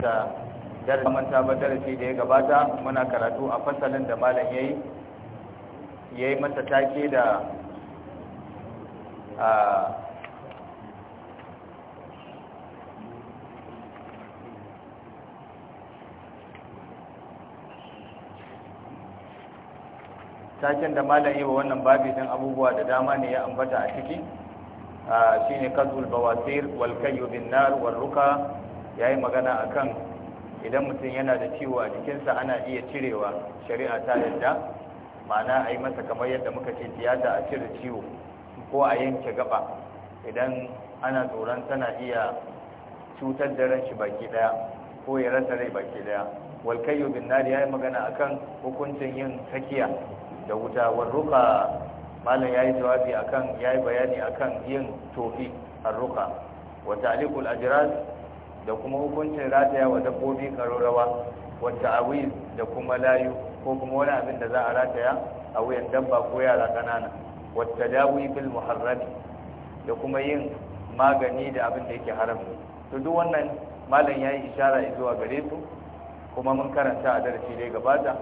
da ta ba darasi da ya gabata muna karatu a fasalin da malam yayi yayi masa take da a taken da malam yayi wannan babi din abubuwa da dama ne ya ambata a ciki shine kazul bawasir wal kayyu bin nar wal ruka ya yi magana a kan idan mutum yana da ciwo a jikinsa ana iya cirewa shari'a ta yadda ma'ana a yi masa kamar yadda muka ce tiyata a cire ciwo ko a yanke gaba idan ana tsoron tana iya cutar da ran baki daya ko ya rasa rai baki daya walkayyo bin nari ya yi magana a kan hukuncin yin sakiya da wuta warruka malam ya yi jawabi kan ya yi bayani a kan yin tofi harruka wata alikul ajras da kuma hukuncin rataya wa dabbobi karorawa wata awi da kuma layu ko kuma wani abin da za a rataya a wuyan dabba ko yara kanana wata dawi bil muharrami da kuma yin magani da abin da yake haram to duk wannan malam ya yi ishara zuwa gare su kuma mun karanta a darasi dai gabata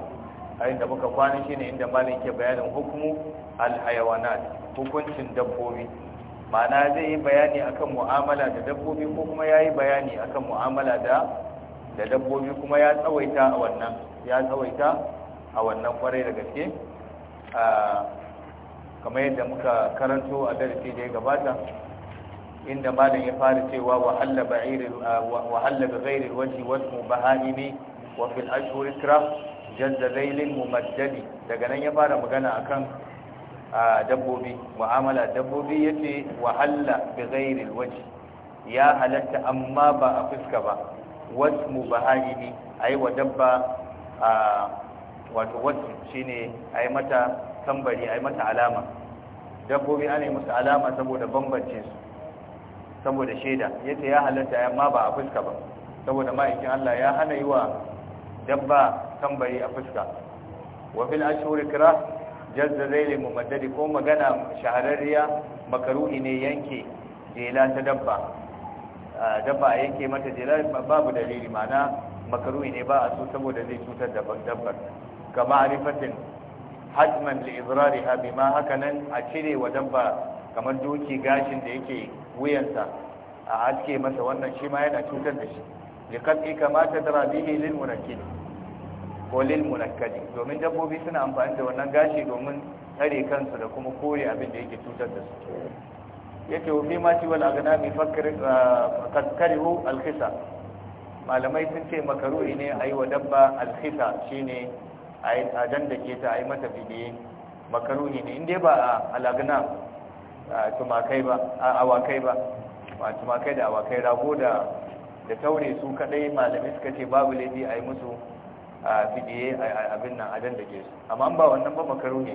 a inda muka kwana shine inda malam yake bayanin hukumu al hukuncin dabbobi ma'ana zai yi bayani akan mu'amala da dabbobi ko kuma ya yi bayani akan mu'amala da da dabbobi kuma ya tsawaita a wannan ya tsawaita a wannan kwarai da gaske kamar yadda muka karanto a darasi da ya gabata inda malam ya fara cewa wahalla ba'ir wahalla bi ghairi wajhi ismu bahani wa fil ashhur ikra jazza laylin mumaddadi daga nan ya fara magana akan dabbobi mu'amala dabbobi yace wa halla bi ghairi alwajh ya halatta amma ba a fuska ba wasmu a yi wa dabba wato wasu shine yi mata tambari a yi mata alama dabbobi ana yi musu alama saboda bambance su saboda shaida yace ya halatta amma ba a fuska ba saboda ma'aikin Allah ya hana yi wa dabba tambari a fuska wa fil ashhur kira. jazza zaili mumaddadi ko magana shahararriya makaruhi ne yanke jela ta dabba dabba a mata jela babu dalili ma'ana makaruhi ne ba a so saboda zai cutar da dabbar ga ma'arifatin hajman li idrariha bima hakanan a cire wa dabba kamar doki gashin da yake wuyansa a aske masa wannan shi ma yana cutar da shi liqad ikama tadra bihi lil munakkid kolin munakkadi domin dabbobi suna amfani da wannan gashi domin tsare kansu da kuma kore abin da yake cutar da su yake wa fima ci wal mai fakkarihu ah, alkhisa malamai sun ce makaruhi ne ayi wa dabba alkhisa shine a ke ta ayi mata bidiye makaruhi ne inda ba a agnam tumakai ba awakai ba tumakai da awakai rago da da taure su kadai malamai suka ce babu laifi ayi musu a fidiye abin nan adan da ke su amma ba wannan ba makaru ne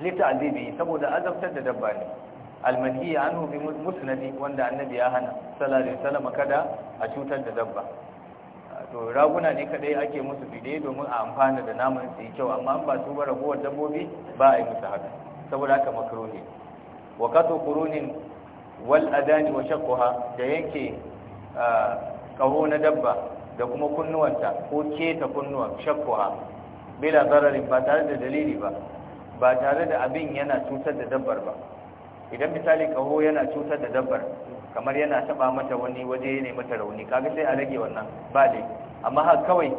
lita alibi saboda azabtar da dabba ne ya anhu bi musnadi wanda annabi ya hana sallallahu alaihi wasallam kada a cutar da dabba to raguna ne kadai ake musu fidiye domin a amfana da naman su yi kyau amma ba su bara gowar dabbobi ba a yi musu haka saboda haka ne wa qatu qurunin wal adani wa shaqqaha da yake kaho na dabba da kuma kunnuwanta ko keta kunnuwan shakkuwa bila zararin ba tare da dalili ba ba tare da abin yana cutar da dabbar ba idan misali kaho yana cutar da dabbar kamar yana taba mata wani waje ne mata rauni kaga sai a rage wannan ba dai amma har kawai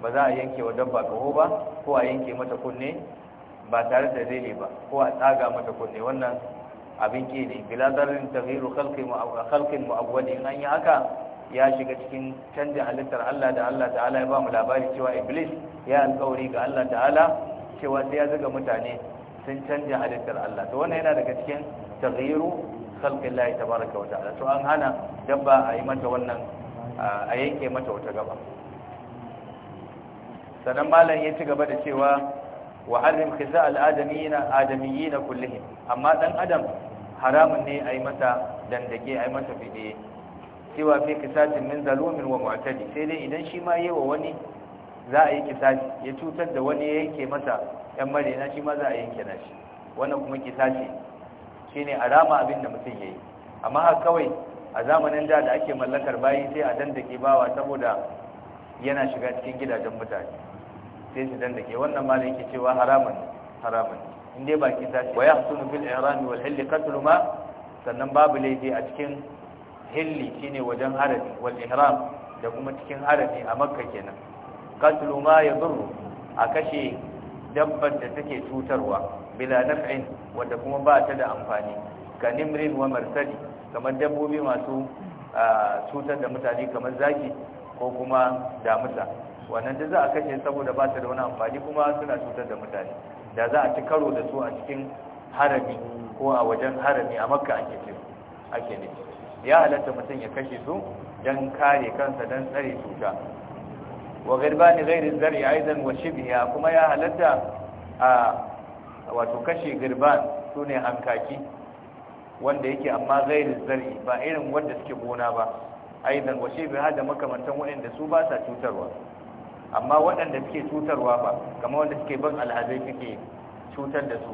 ba za a yanke wa dabba kaho ba ko a yanke mata kunne ba tare da dalili ba ko a tsaga mata kunne wannan abin ke ne bila zararin taghyiru khalqin mu'awwalin an yi haka ya shiga cikin canja halittar Allah da Allah ta'ala ya ba mu labari cewa iblis ya alƙawari ga Allah ta'ala cewa sai ya zuga mutane sun canja halittar Allah to wannan yana daga cikin taghyiru khalqillahi tabaraka wa ta'ala to an hana dabba a yi mata wannan a yanke mata wata gaba sanan malam ya ci gaba da cewa wa harim khisa al-adamiyina adamiyina kullihim amma dan adam haramun ne a yi mata dandake a yi mata fide. cewa fi kisasin min zalumin wa mu'tadi sai dai idan shi ma yewa wani za a yi kisasi ya cutar da wani ya yanke masa yan na shi ma za a yanke nashi wannan kuma kisasi shine alama abin da mutum yayi amma haka kawai a zamanin da da ake mallakar bayi sai a dandake bawa saboda yana shiga cikin gidajen mutane sai su dandake wannan malai yake cewa haramun haramun in dai ba kisasi wa yahsunu fil ihram wal hilqatu ma sannan babu laifi a cikin hilli shine wajen harami wal ihram da kuma cikin harami a makka kenan qatlu ma yadur a kashe dabbar da take cutarwa bila naf'in wanda kuma ba ta da amfani ka wa marsadi kamar dabbobi masu cutar da mutane kamar zaki ko kuma damusa wannan da za a kashe saboda ba ta da wani amfani kuma suna cutar da mutane da za a ci karo da su a cikin harami ko a wajen harami a makka ake ce ake nufi ya halatta mutum ya kashe su don kare kansa don tsare cuta wa girbani gairi zari aizan wa shibhiya kuma ya halatta a wato kashe girban sune hankaki wanda yake amma gairi zari ba irin wanda suke gona ba aizan wa shibhiya da makamantan waɗanda su ba sa cutarwa amma waɗanda suke cutarwa ba kamar wanda suke ban alhazai suke cutar da su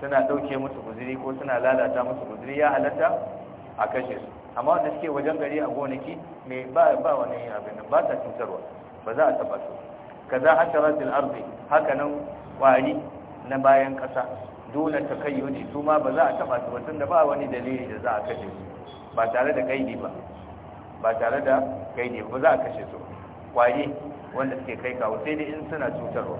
suna ɗauke musu guziri ko suna lalata musu guziri ya halatta a kashe su amma wanda suke wajen gari a gonaki mai ba ba wani abin nan ba ta cutarwa ba za a taba su tara hasharatul arzi haka nan kwari na bayan kasa dole ta kayyuji su ma ba za a taba su da ba wani dalili da za a kashe su ba tare da kaidi ba ba tare da kaidi ba za a kashe su kwari wanda suke kai kawo sai dai in suna cutarwa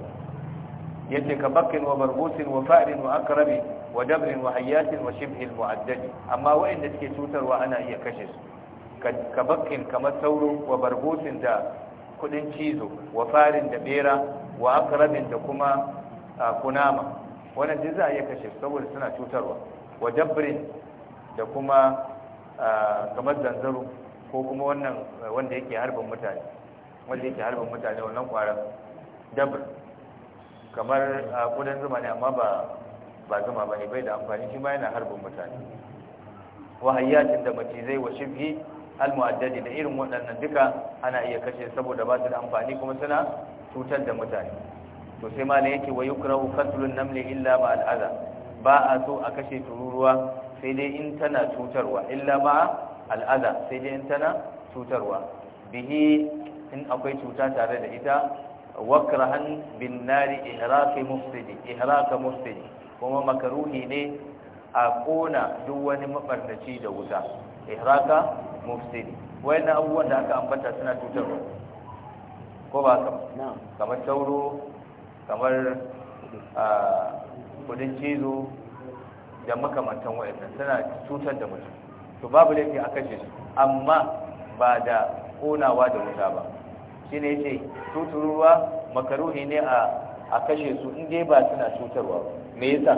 yadda ka bakin wa barbusin wa fa'rin wa akrabi wa dabrin wa hayyatin wa shibhil mu'addadi amma wa'anda suke cutarwa ana iya kashe su ka bakin kamar sauro wa barbutin da kudin cizo wa farin da bera wa akrabin da kuma kunama wannan duk za a iya kashe saboda suna cutarwa wa dabrin da kuma kamar zanzaro ko kuma wannan wanda yake harbin mutane wanda yake harbin mutane wannan kwara dabr kamar kudin zuma ne amma ba ba zuma bane bai da amfani shi ma yana harbin mutane wa da macizai wa shibhi al da irin waɗannan duka ana iya kashe saboda ba su da amfani kuma suna cutar da mutane to sai ma yake wa yukrahu qatlun naml illa ma al ba a so a kashe tururuwa sai dai in tana cutarwa illa ma al'aza sai dai in tana cutarwa bihi in akwai cuta tare da ita wakrahan bin nari ihraqi mufsidi ihraqa mufsidi kuma makaruhi ne a kona duk wani mabarnaci da wuta ihraka mufsid wayannan abubuwan da aka ambata suna tutar ko ba ka kamar tauro kamar kudin cizo da makamantan wayannan suna tutar da mutum to babu laifi a kashe su amma ba da konawa da wuta ba shi ne ce tuturuwa makaruhi ne a kashe su in ba suna tutarwa ba me yasa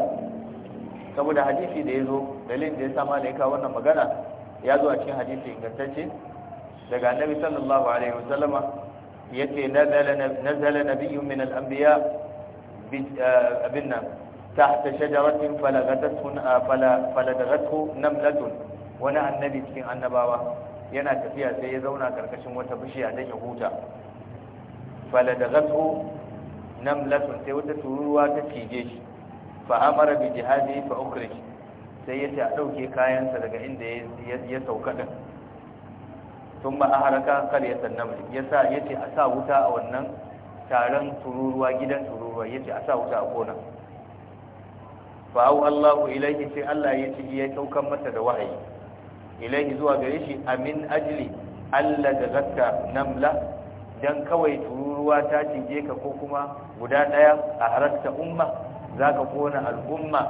saboda hadisi da yazo dalilin da yasa malai ka wannan magana ya zo a cikin hadisi ingantacce daga annabi sallallahu alaihi wasallama yace nazala nazala nabiyyun min al-anbiya abin nan tahta shajaratin falagathu fala falagathu namlatun wani annabi cikin annabawa yana tafiya sai ya zauna karkashin wata bishiya don ya huta falagathu namlatun sai wata tururuwa ta cije shi fa amara bi jihadi fa ukhrij sai yace a dauke kayansa daga inda ya sauka din tun ba a haraka karyatan sannan yasa yace a sa wuta a wannan taron tururuwa gidan tururuwa yace a sa wuta a kona fa au Allahu ilaihi sai Allah ya yace ya saukan masa da wahayi ilaihi zuwa gare shi amin ajli alla gazatka namla dan kawai tururuwa ta cije ka ko kuma guda daya a harakta umma Za ka kona al'umma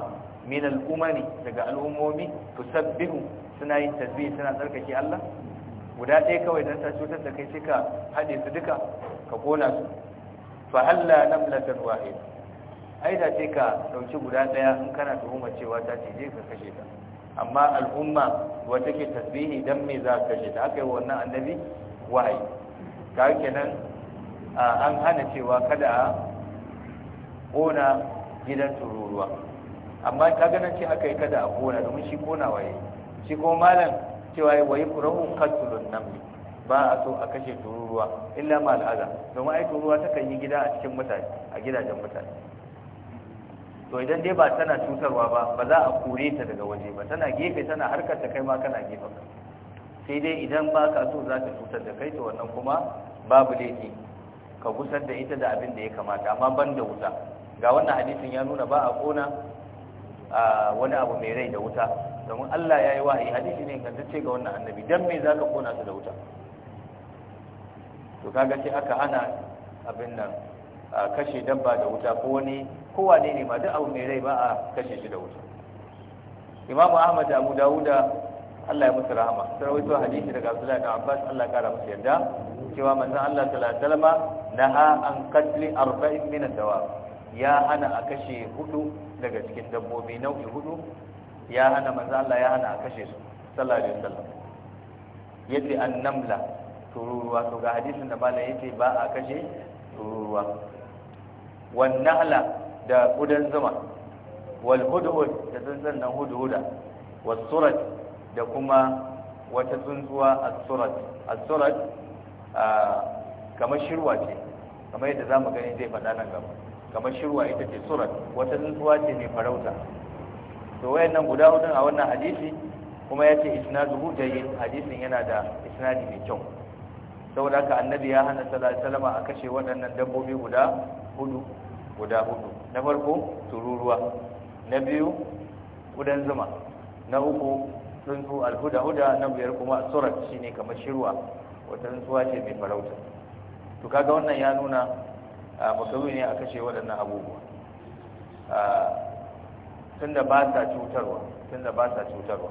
min al'umani daga al'ummomi to sabbihu suna yin tasbihi suna tsarkake Allah guda ɗaya kawai don ta cutar da kai suka haɗe su duka ka kona su fa halla namlatan wahid ai da ce ka dauki guda ɗaya in kana tuhumar cewa ta ce je ka kashe ta amma al'umma wata ke tasbihi dan me za ka kashe ta aka yi wannan annabi wahayi ga kenan an hana cewa kada a ƙona. gidan tururuwa amma ka ganin ce aka yi kada a kona domin shi kona waye shi kuma malam cewa ya wayi kurahu katulun namli ba a so a kashe tururuwa illa ma al'aza domin ai tururuwa ta kan yi gida a cikin mutane a gidajen mutane to idan dai ba tana cutarwa ba ba za a kore ta daga waje ba tana gefe tana harkar ta kai ma kana gefe sai dai idan ba ka so za ta cutar da kai to wannan kuma babu laifi ka gusar da ita da abin da ya kamata amma ban da wuta ga wannan hadisin ya nuna ba a kona wani abu mai rai da wuta domin Allah ya yi wahayi hadisi ne ce ga wannan annabi dan me za ka kona su da wuta to kaga sai aka hana abin nan kashe dabba da wuta ko wani kowa ne ma duk abu mai rai ba a kashe shi da wuta Imam ahmad abu Dawud Allah ya musu rahama sai hadisi daga Abdullahi da Abbas Allah kara musu yarda cewa manzon Allah sallallahu alaihi wasallam naha an qatli arba'in min ad-dawab ya hana a kashe hudu daga cikin dabbobi nau'i hudu ya hana manzo Allah ya hana a kashe su sallallahu alaihi wasallam yace namla tururuwa to ga hadisin da malam yace ba a kashe tururuwa wan nahla da kudan zuma wal hudud da tsuntsun nan hudhuda was surat da kuma wata tsuntsuwa as-surat as-surat ah, kamar shirwa ce kamar yadda zamu gani zai faɗa nan gaba kamar shirwa ita ce surat wata tsuntsuwa ce mai farauta to wayannan guda hudun a wannan hadisi kuma ya yace isnaduhu jayyid hadisin yana da isnadi mai kyau saboda ka annabi ya hana sallallahu alaihi wasallam a kashe waɗannan dabbobi guda hudu guda hudu na farko tururuwa na biyu kudan zuma na uku tsuntsu alhuda huda na biyar kuma surat shine kamar shirwa wata tsuntsuwa ce mai farauta to kaga wannan ya nuna makaru ne a kashe waɗannan abubuwa tun da ba sa cutarwa tun da ba sa cutarwa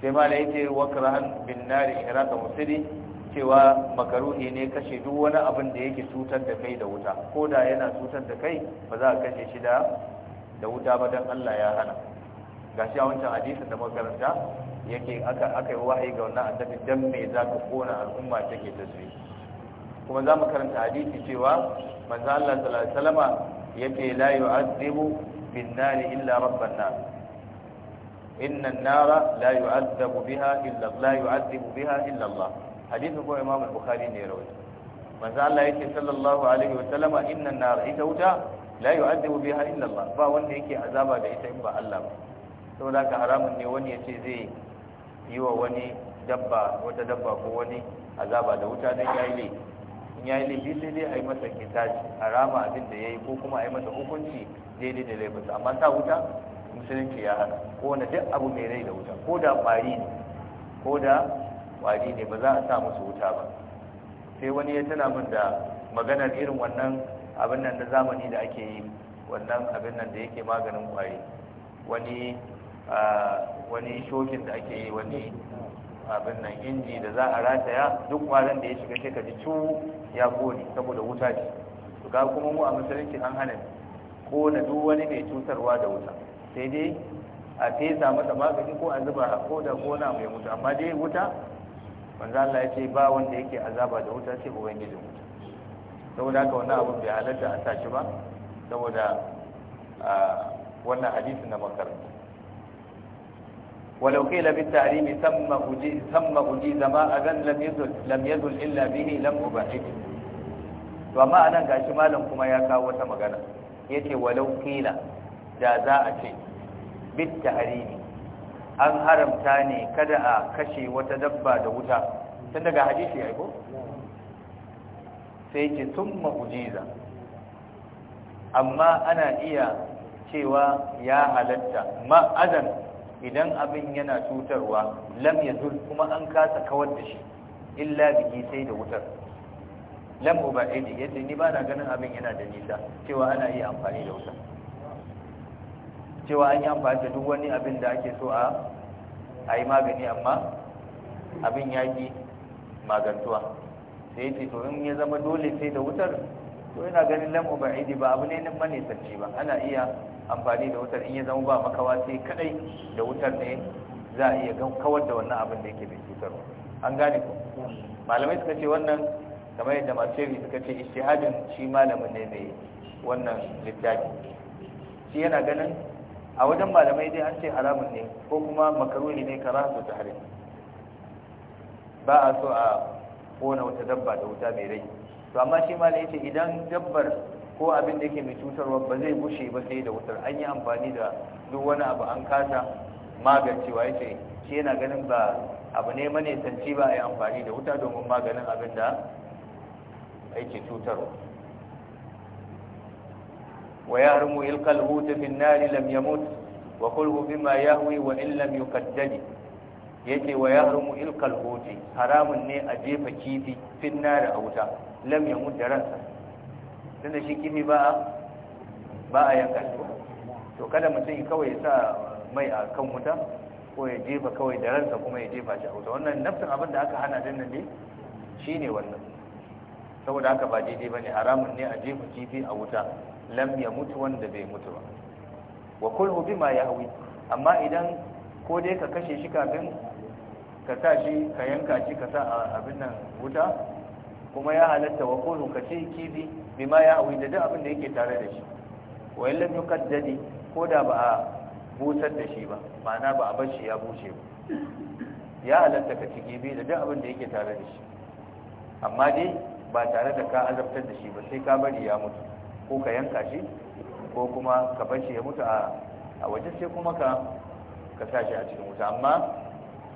sai ma da yake wakrahan bin nari iraka musuli cewa makaruhi ne kashe duk wani abin da yake cutar da kai da wuta ko da yana cutar da kai ba za a kashe shi da da wuta ba don Allah ya hana Ga shi a wancan hadisin da makaranta yake aka yi wahayi ga wannan annabi don me ka kona al'umma take tasiri kuma za mu karanta hadisi cewa manzo Allah sallallahu alaihi wasallam yace la yu'adhibu bin nar illa rabban nar inna an-nar la yu'adhabu biha illa la yu'adhibu biha illa Allah hadisi ko Imam al-Bukhari ne rawaito manzo Allah yace sallallahu alaihi wasallam inna an-nar ita wuta la yu'adhibu biha illa Allah ba wanda yake azaba da ita in ba Allah ba saboda ka haramun ne wani yace zai yi wa wani dabba wata dabba ko wani azaba da wuta dan yayi laifi ya yi laifi sai dai a yi masa kitaci a rama abin da ya yi ko kuma a yi masa hukunci daidai da laifinsa amma sa wuta musulunci ya hana ko duk abu mai rai da wuta ko da ƙwari ne ko da kwari ne ba za a sa musu wuta ba sai wani ya tana min da maganar irin wannan abin nan na zamani da ake yi wannan abin nan da yake maganin ƙwari wani ah, wani shokin da ake yi wani abin nan inji da za a rataya duk kwanan da ya shiga sai ka ji cu ya goni saboda wuta ce to ga kuma mu a musulunci an hana ko na duk wani mai cutarwa da wuta sai dai a fesa masa magani ko a zuba a koda gona mai wuta amma dai wuta manzo Allah ya ce ba wanda yake azaba da wuta sai ubangijin wuta saboda haka wannan abun bai halarta a sa ba saboda ah, wannan hadisin na makaranta ولو قيل بالتعليم ثم أجيز, ثم أجيز ما أذن لم يذل, لم يذل إلا به لم أبعده وما أنا قاش ما لم كما يكا وتمغنا يتي ولو قيل جازاء شيء بالتعليم an haramta ne kada a kashe wata dabba da wuta tun daga hadisi ya ko sai ce sun ma'ujiza amma ana iya cewa ya halatta ma'azan idan abin yana cutarwa lam yazul kuma an kasa kawar da shi illa bihi sai da wutar lam ubaidi yace ni ba na ganin abin yana da nisa cewa ana yi amfani da wutar cewa an yi amfani da duk wani abin da ake so a a yi magani amma abin yaƙi magantuwa sai yace to in ya zama dole sai da wutar to ina ganin lamu idi ba abu ne nan manesarci ba ana iya amfani da wutar in ya zama ba makawa sai kadai da wutar ne za a iya kawar da wannan abin da yake da cutarwa an gane ku malamai suka ce wannan kamar yadda masu suka ce ishtihadin shi malamin ne mai wannan littafi shi yana ganin a wajen malamai dai an ce haramun ne ko kuma makaruni ne kara su ta harin ba a so a kona wata dabba da wuta mai rai to amma shi ma yace idan dabbar ko abin da yake mai cutarwa ba zai bushe ba sai da wutar an yi amfani da duk wani abu an kasa magancewa yace shi yana ganin ba abu ne mane tanci ba a yi amfani da wuta domin maganin abin da yake cutarwa wa yahrumu ilkal hutu fi nari nar lam yamut wa kulhu bima yahwi wa in lam yuqaddad yace wa yahrumu ilkal hutu haramun ne a jefa kifi fi nari a wuta lam ya mutu ransa tunda shi kifi ba ba a yanka shi to kada mutum kawai ya sa mai a kan wuta ko ya jefa kawai da ransa kuma ya jefa shi a wuta wannan nafsin abin da aka hana dinnan ne shine wannan saboda haka ba daidai bane haramun ne a jefa kifi a wuta lam ya mutu wanda bai mutu ba wa kulhu bima yahwi amma idan ko dai ka kashe shi kafin ka sa shi ka yanka shi ka sa abin nan wuta kuma ya halatta wa kunu ka ce kibi ma ya awi da abin da yake tare da shi wa illam yuqaddadi ko da ba a busar da shi ba ma'ana ba a bar shi ya bushe ba ya halatta ka ci da duk abin da yake tare da shi amma dai ba tare da ka azabtar da shi ba sai ka bari ya mutu ko ka yanka shi ko kuma ka bar shi ya mutu a waje sai kuma ka ka sa a cikin wuta amma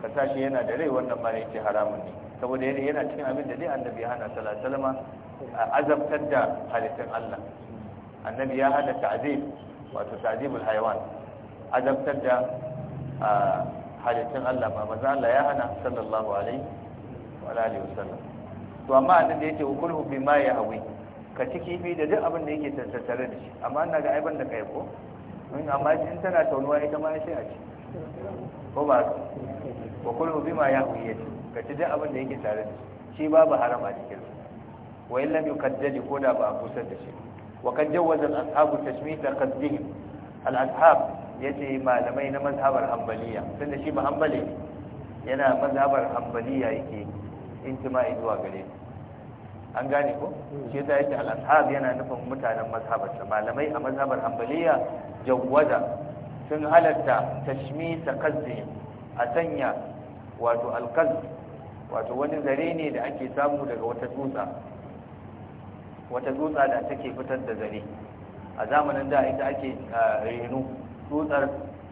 ka sa yana da rai wannan ma ne yake haramun ne saboda yana yana cikin abin da dai annabi ya hana salasalama a azabtar da halittun Allah annabi ya hada ta'zib wato ta'zibul haywan azabtar da halittun Allah ba manzo Allah ya hana sallallahu alaihi wa alihi wasallam to amma annabi yace ukulhu bima yahwi ka ci kifi da duk abin da yake tattare da shi amma ina ga aiban da kai ko in amma in tana taunuwa ita ma sai a ci ko ba ko kulhu bima yahwi yace ka ci duk abin da yake tare da shi shi babu haram a cikin sa wa illam yukaddali ko da ba a kusa da shi wa kan jawaza ashabu tashmit al-qasdihim al-ashab yace malamai na mazhabar hanbaliya tunda shi ba hanbali yana mazhabar hanbaliya yake intima'i zuwa gare an gane ko hmm. shi yasa yake al-ashab yana nufin mutanen mazhabar sa malamai a mazhabar hanbaliya jawaza sun halatta tashmit al-qasdihim a sanya wato al-qasd wato wani zare ne da ake samu daga wata tsutsa wata tsutsa da take fitar da zare a zamanin da ita ake reno tsutsar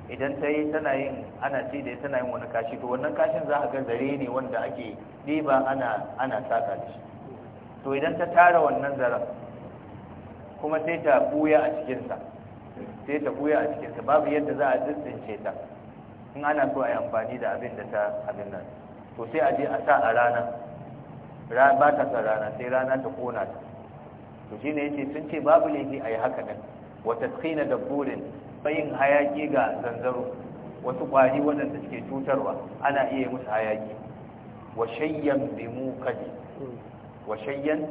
idan ta yi tana yin ana ce da tana yin wani kashi to wannan kashin za a ga zare ne wanda ake ɗiba ana ana saka da shi to idan ta tara wannan zaren kuma sai ta buya a cikinsa sai ta buya a cikinsa babu yadda za a tsintsince ta in ana so a yi amfani da abin da ta abin nan to sai a je a sa a rana ba ta sa rana sai rana ta kona ta to shine yace sun ce babu laifi a yi haka nan wa tasqina dabburin bayin hayaki ga zanzaro wasu kwari waɗanda suke cutarwa ana iya musu hayaki wa shayyan kadi wa shayyan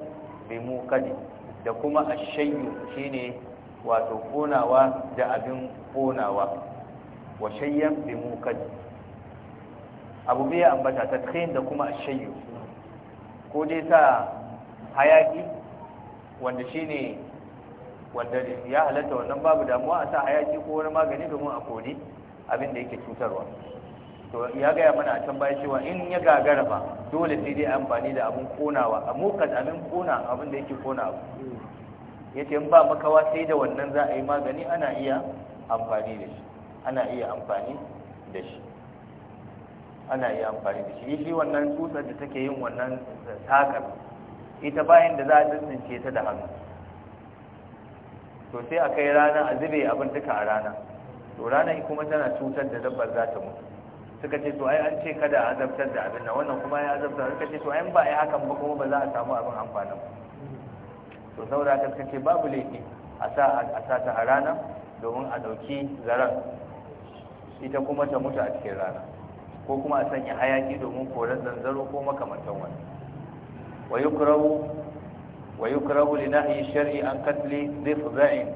da kuma ashayyu shine wato konawa da abin konawa wa shayyan kadi. abu bai ya ambata tadkhin da kuma ashayyu ko dai sa hayaki wanda shi ne wanda ya halatta wannan babu damuwa a sa hayaki ko wani magani domin a kori abin da yake cutarwa to ya gaya mana a can bayan cewa in ya gagara ba dole sai dai amfani da abin konawa a mukan abin kona abin da yake kona abu ya ce in ba makawa sai da wannan za a yi magani ana iya amfani da shi ana iya amfani da shi ana iya amfani da shi shi wannan tutar da take yin wannan sakar ita bayan da za a tsintsince ta da hannu to sai a kai rana a zube abin duka a rana to rana kuma tana cutar da dabbar za ta mutu suka ce to ai an ce kada a azabtar da abin nan wannan kuma ya azabtar suka ce to ai ba ai hakan ba kuma ba za a samu abin amfanin to saboda haka suka ce babu laifi a sa a sa ta a rana domin a dauki zarar ita kuma ta mutu a cikin rana ko kuma a sanya hayaki domin koran zanzaro ko makamantan wani wa yi wa yukrahu li yi shari'a an fi dhifza'in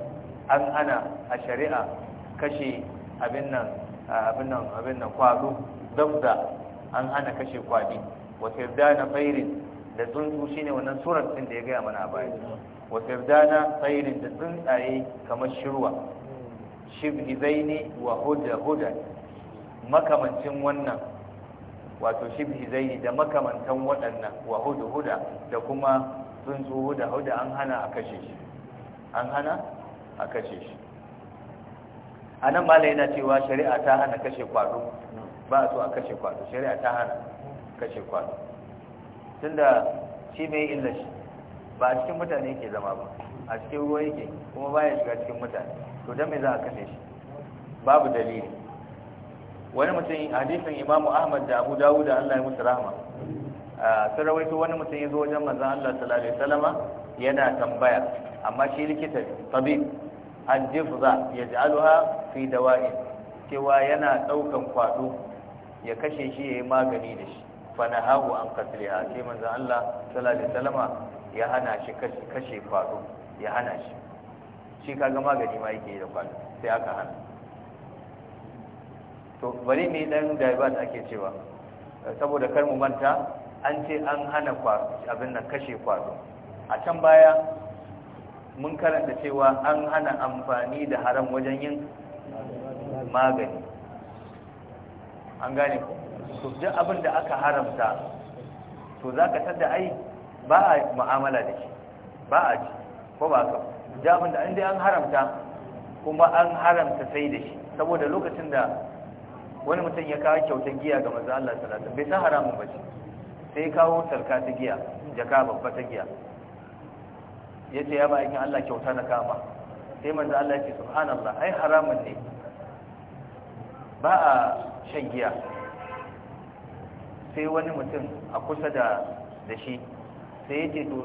an ana a shari'a kashe abin nan abin kwado dabda an ana kashe kwadi yadda na fairin da tsuntsu shine wannan surar din da ya gaya mana a baya yadda na fairin da tsuntsaye kamar shirwa shibhizaini wa huda makamancin wannan wato shibhi zai da makamantan waɗannan wa huda da kuma tsuntsu huda huda an hana a kashe shi an hana a kashe shi a nan ma yana cewa shari'a ta hana kashe kwado ba a so a kashe kwado shari'a ta hana kashe kwado tunda shi mai illa shi ba a cikin mutane ke zama ba a cikin ruwa yake kuma baya shiga cikin mutane to don me za a kashe shi babu dalili wani mutum hadisin imamu ahmad da abu dawud da allah ya musu rahama sun rawaito wani mutum ya zo wajen Maza allah sallallahu alaihi wasallama yana tambaya amma shi likita tabib an jifza ya aluha fi dawa'in cewa yana ɗaukan kwado ya kashe shi ya yi magani da shi fana hagu an a ce Maza allah sallallahu alaihi wasallama ya hana shi kashe kwado ya hana shi shi kaga magani ma yake da kwado sai aka hana to bari ne dan daibat ake cewa saboda kar mu manta an ce an hana abin nan kashe kwado a can baya mun karanta cewa an hana amfani da haram wajen yin magani an gane ku to duk abin da aka haramta to za ka ai ba a mu'amala da shi ba a ci ko ba ka duk abin da an haramta kuma an haramta sai da shi saboda lokacin da wani mutum ya kawo kyautar giya ga Maza Allah salatu bai san haramun ba ce sai kawo sarka ta giya jaka babba ta giya ce ya ba in Allah kyauta na kama sai manzo Allah ya ce subhanallah ai haramun ne ba a shan giya sai wani mutum a kusa da da shi sai ce to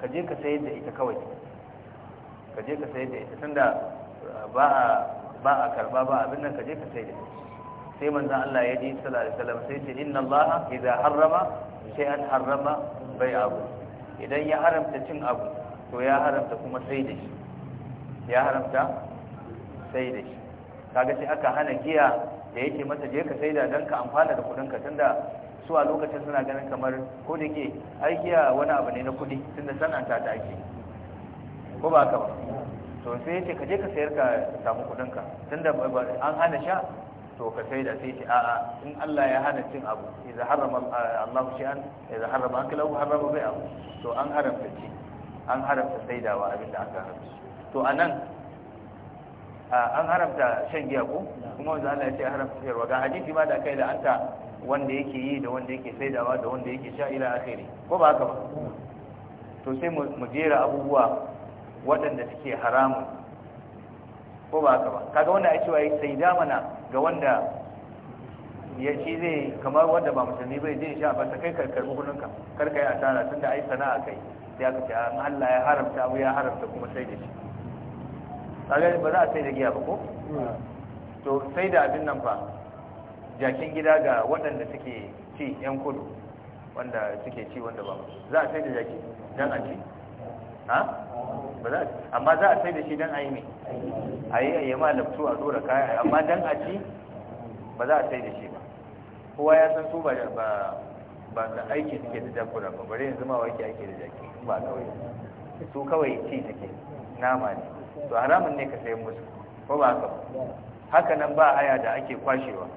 ka je ka sayar da ita kawai ka je ka sayar da ita tunda ba a ba a karba ba abin nan ka je ka sayar da ita sai manzan Allah ya ji sallallahu alaihi wasallam sai ce inna Allah idza harrama sai an harrama bai abu idan ya haramta cin abu to ya haramta kuma sai da shi ya haramta sai da shi kaga sai aka hana giya da yake mata je ka saida dan ka amfana da kudin ka tunda su a lokacin suna ganin kamar ko da ke ai giya wani abu ne na kudi tunda sana'anta ta ake ko ba ka ba to sai yace ka je ka sayar ka samu kudin ka tunda an hana sha to ka sai da sai a a'a in Allah ya hana cin abu idan harama eh, Allah shay'an an harrama akalahu bai abu. to an haramta ci an haramta saidawa abinda aka haramta to anan an haramta shan giya ko kuma wanda Allah ya ce haramta sayarwa ga hadisi ma da kai da anta wanda yake yi da wanda yake saidawa da wanda yake sha ila akhiri ko ba haka ba to sai mu jera abubuwa waɗanda suke haramun ko ba haka ba kaga wannan ake cewa sai da mana ga wanda ya ci zai kamar wanda ba musulmi bai zai sha ba kai karkar hukununka karka yi asara da ai sana'a kai sai aka ce an Allah ya haramta abu ya haramta kuma sai da shi kaga ba za a sai da giya ba ko to sai da abin nan fa jakin gida ga waɗanda suke ci yan kudu wanda suke ci wanda ba za a sai da jaki dan a ci ha ba za amma za a sai da shi dan a yi ne a yi a yi ma a dora kaya amma don a ci ba za a sai da shi ba kowa ya san su ba ba da aiki suke da jakuna ba bare yanzu ma wake ake da jaki ba kawai su kawai ci take nama ne to haramun ne ka sai musu ko ba haka haka nan ba haya da ake kwashewa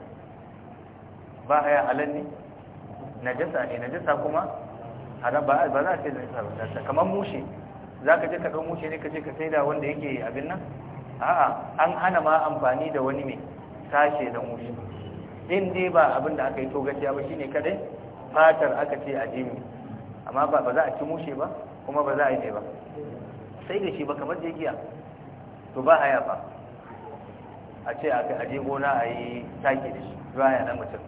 ba haya halal ne najasa ne najasa kuma haram ba ba za a sai da najasa kamar mushe za ka je ka ɗau mushe ne ka je ka sai da wanda yake abin nan a'a an hana ma amfani da wani mai sashe da mushi in dai ba abin da aka yi togaciya ba shine kadai fatar aka ce a jimi amma ba za a ci mushe ba kuma ba za a yi ne ba sai da shi ba kamar da giya to ba haya ba a ce a je gona a yi take da shi ba ya na mutum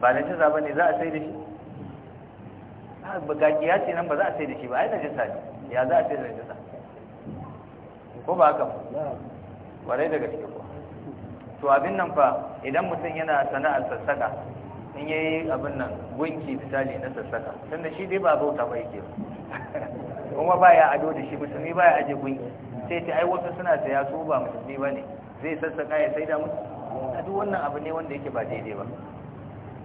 ba na jinsa ba ne za a sai da shi ba ga ce nan ba za a sai da shi ba ai na jinsa ne ya za a sai da jinsa ko ba haka kwarai daga cikin ko. to abin nan fa idan mutum yana sana'ar sassaka in ya yi abin nan gunki misali na sassaka tunda shi dai ba bauta ba yake kuma ya ado da shi musulmi baya aje gunki sai ta ai wasu suna saya su ba musulmi ne zai sassaka ya saida musu a duk wannan abu ne wanda yake ba daidai ba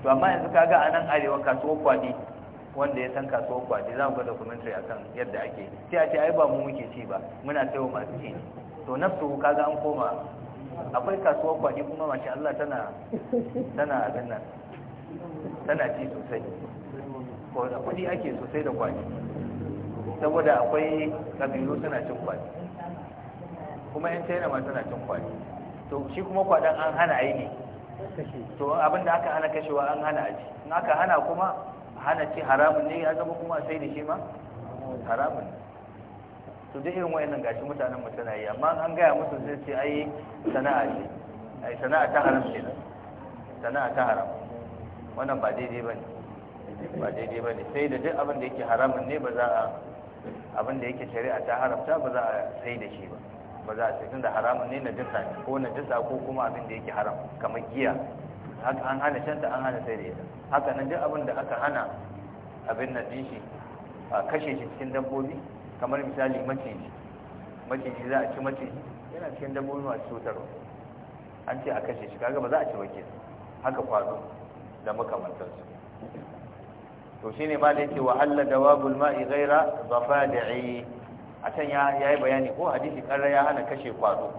to amma yanzu kaga anan arewa kasuwar kwadi wanda ya san kasuwar kwaji za mu ga documentary kan yadda ake sai a ce ai ba mu muke ci ba muna sayo masu ci to nafsu ga an koma akwai kasuwar kwaji kuma mace Allah tana tana abin nan tana ci sosai ko da kudi ake sosai da kwaji saboda akwai kabilu suna cin kwaji kuma yan China ma suna cin kwaji to shi kuma kwadan an hana aini to abinda aka hana kashewa an hana aji in aka hana kuma hana ce haramun ne ya zama kuma sai da shi ma haramun to dai irin wayannan gashi mutanen mu tana yi amma an gaya musu sai ce ai sana'a ce ai sana'a ta haram ce sana'a ta haram wannan ba daidai bane ba daidai bane sai da duk abin da yake haramun ne ba za a abin da yake shari'a ta haramta ba za a sai da shi ba ba za a sai tunda haramun ne na jisa ko na jisa ko kuma abin da yake haram kamar giya haka an hana shanta an hana sai da ita haka nan duk abin da aka hana abin nan din shi a kashe shi cikin dabbobi kamar misali maciji maciji za a ci maciji yana cikin dabbobi masu cutarwa an ce a kashe shi kaga ba za a ci wakil haka kwazo da makamantarsu to shine ba da yake wa da dawabul ma'i ghaira dafadi'i a can ya yi bayani ko hadisi karra ya hana kashe kwazo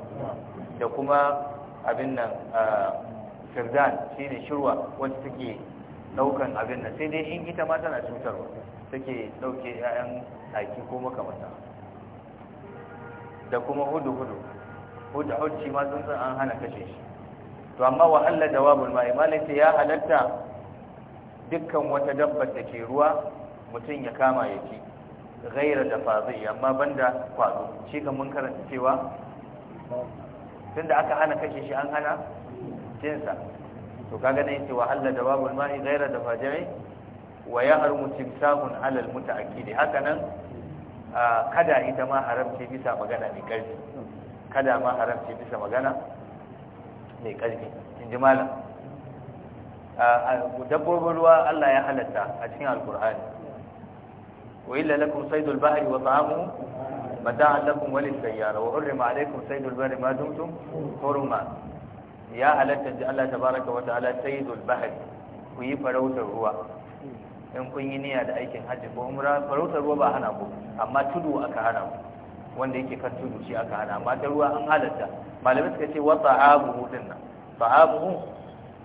da kuma abin nan shi ne shirwa wanda take daukan abin nan sai dai in ita ma tana cutarwa take dauke yayan tsaki ko makamata da kuma hudu hudu hudu hudu ma tsuntsun an hana kashe shi to amma wa Allah jawabul mai malaka ya halatta dukkan wata dabbar da ke ruwa mutum ya kama ya ci gaira da fazai amma banda kwazo shi kan mun karanta cewa tunda aka hana kashe shi an hana jinsa to kaga ne yace wa alla dawabul ma'i ghaira dafaji'i wa yahrumu timsahun ala al muta'akkidi haka nan kada ita ma haramce bisa magana mai karfi kada ma haramce bisa magana mai karfi in ji malam dabbobin ruwa Allah ya halatta a cikin alkur'ani wa illa lakum saydul bahri wa ta'amuhu mata'an lakum wa sayyara wa hurrima alaykum saydul bahri ma dumtum hurma ya halatta ji Allah tabaraka wa ta'ala sayyidul bahr ku yi farautar ruwa in kun yi niyya da aikin hajji ko umra farautar ruwa ba hana ku amma tudu aka hana ku wanda yake kan tudu shi aka hana amma da ruwa an halatta malamai suka ce wa ta'abuhu dinnan ta'abuhu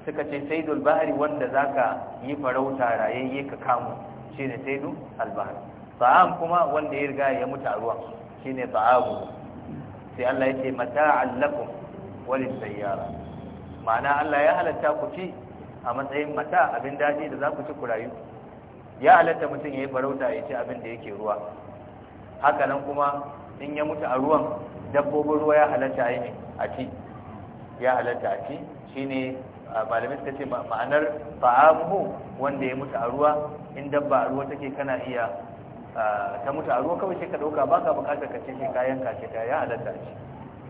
suka ce sayyidul bahr wanda zaka yi farauta rayayye ka kamu shine sayyidul bahri ta'am kuma wanda ya riga ya mutu a ruwa shine ta'abuhu sai Allah ya ce mata'allakum walil sayyara ma'ana Allah ya halatta ku ci a matsayin mata abin daɗi da za ku ci ku rayu ya halatta mutum ya yi farauta ya ci abin da yake ruwa haka nan kuma in ya mutu a ruwan dabbobin ruwa ya halatta a yi a ci ya halatta a ci ne malamai suka ce ma'anar fa'amuhu wanda ya mutu a ruwa in dabba a ruwa take kana iya ta mutu a ruwa kawai sai ka Ba ka bukatar ka ce kayan kashe ce ya halatta a ci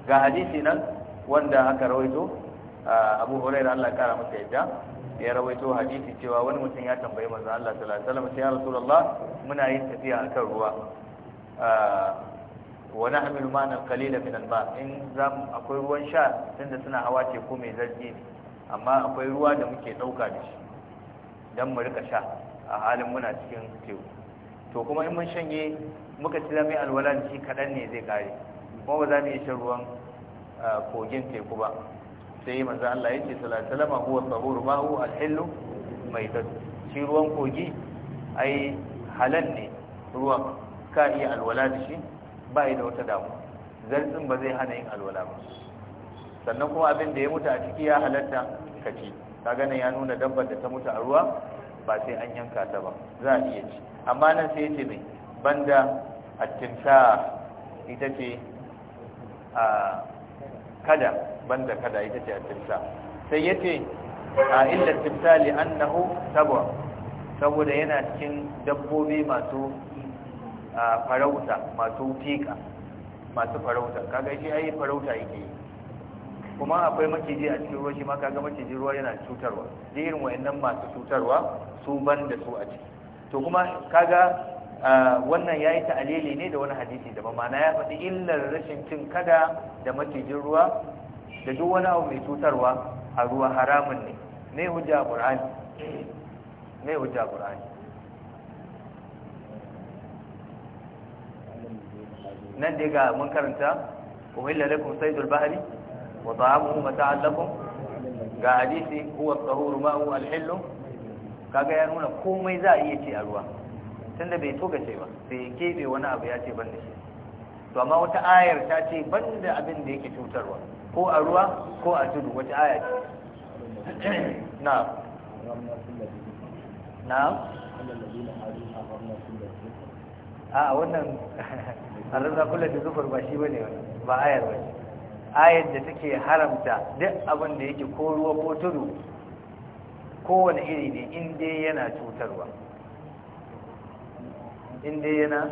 ga hadisi nan wanda aka rawaito Ah, abu da Allah kara masa yadda ya rawaito hadisi cewa wani mutum ya tambayi manzo Allah sallallahu alaihi wasallam ya rasulullah muna yin tafiya akan ruwa ah, wa nahmilu ma'ana qalila min al-ma in zam akwai ruwan sha tunda suna hawa teku mai zargi ne amma akwai ruwa da muke ɗauka da shi dan mu rika sha a halin muna cikin teku to kuma in mun shanye muka ci zame alwala shi kaɗan ne zai kare kuma ba za mu iya shan ruwan ah, kogin teku ba sai maza Allah ya ce salatalama huwa sahur huwa al mai tattu shi ruwan kogi ai halal ne ruwan ka iya alwala da shi ba da wata damu zartsin ba zai hana yin alwala ba sannan kuma abin da ya mutu a ciki ya halatta kaci ta ya nuna dabbar da ta mutu a ruwa ba sai an yanka ta ba za a iya ci amma nan sai ce mai banda at ita ce a ah, kada banda kada ita ce al-timsal sai yace a illa al annahu tabwa saboda yana cikin dabbobi masu farauta masu fika masu farauta kaga shi ai farauta yake yi kuma akwai maciji a cikin ruwa shi ma kaga macijin ruwa yana cutarwa da irin wayannan masu cutarwa su banda su a ciki to kuma kaga wannan yi ta'alili ne da wani hadisi da ba ma'ana ya faɗi illar rashin cin kada da macijin ruwa da duk wani abu mai cutarwa a ruwa haramun ne mai hujja a ƙur'ani mai hujja a ƙur'ani nan dai ga mun karanta uhilla lakum saydul bahri wa ta'amuhu mata'an lakum ga hadisi huwa tsaruru ma'u alhillu kaga ya nuna komai za a iya ce a ruwa tunda bai toga ce ba sai ya keɓe wani abu ya ce ban da shi to amma wata ayar ta ce banda abin da yake cutarwa ko a ruwa ko a tudu wata aya ce na na a wannan arzaza kula da zufar ba shi bane ba ayar ba ayar da take haramta duk abin da yake ko ruwa ko tudu kowane iri ne in dai yana cutarwa in dai yana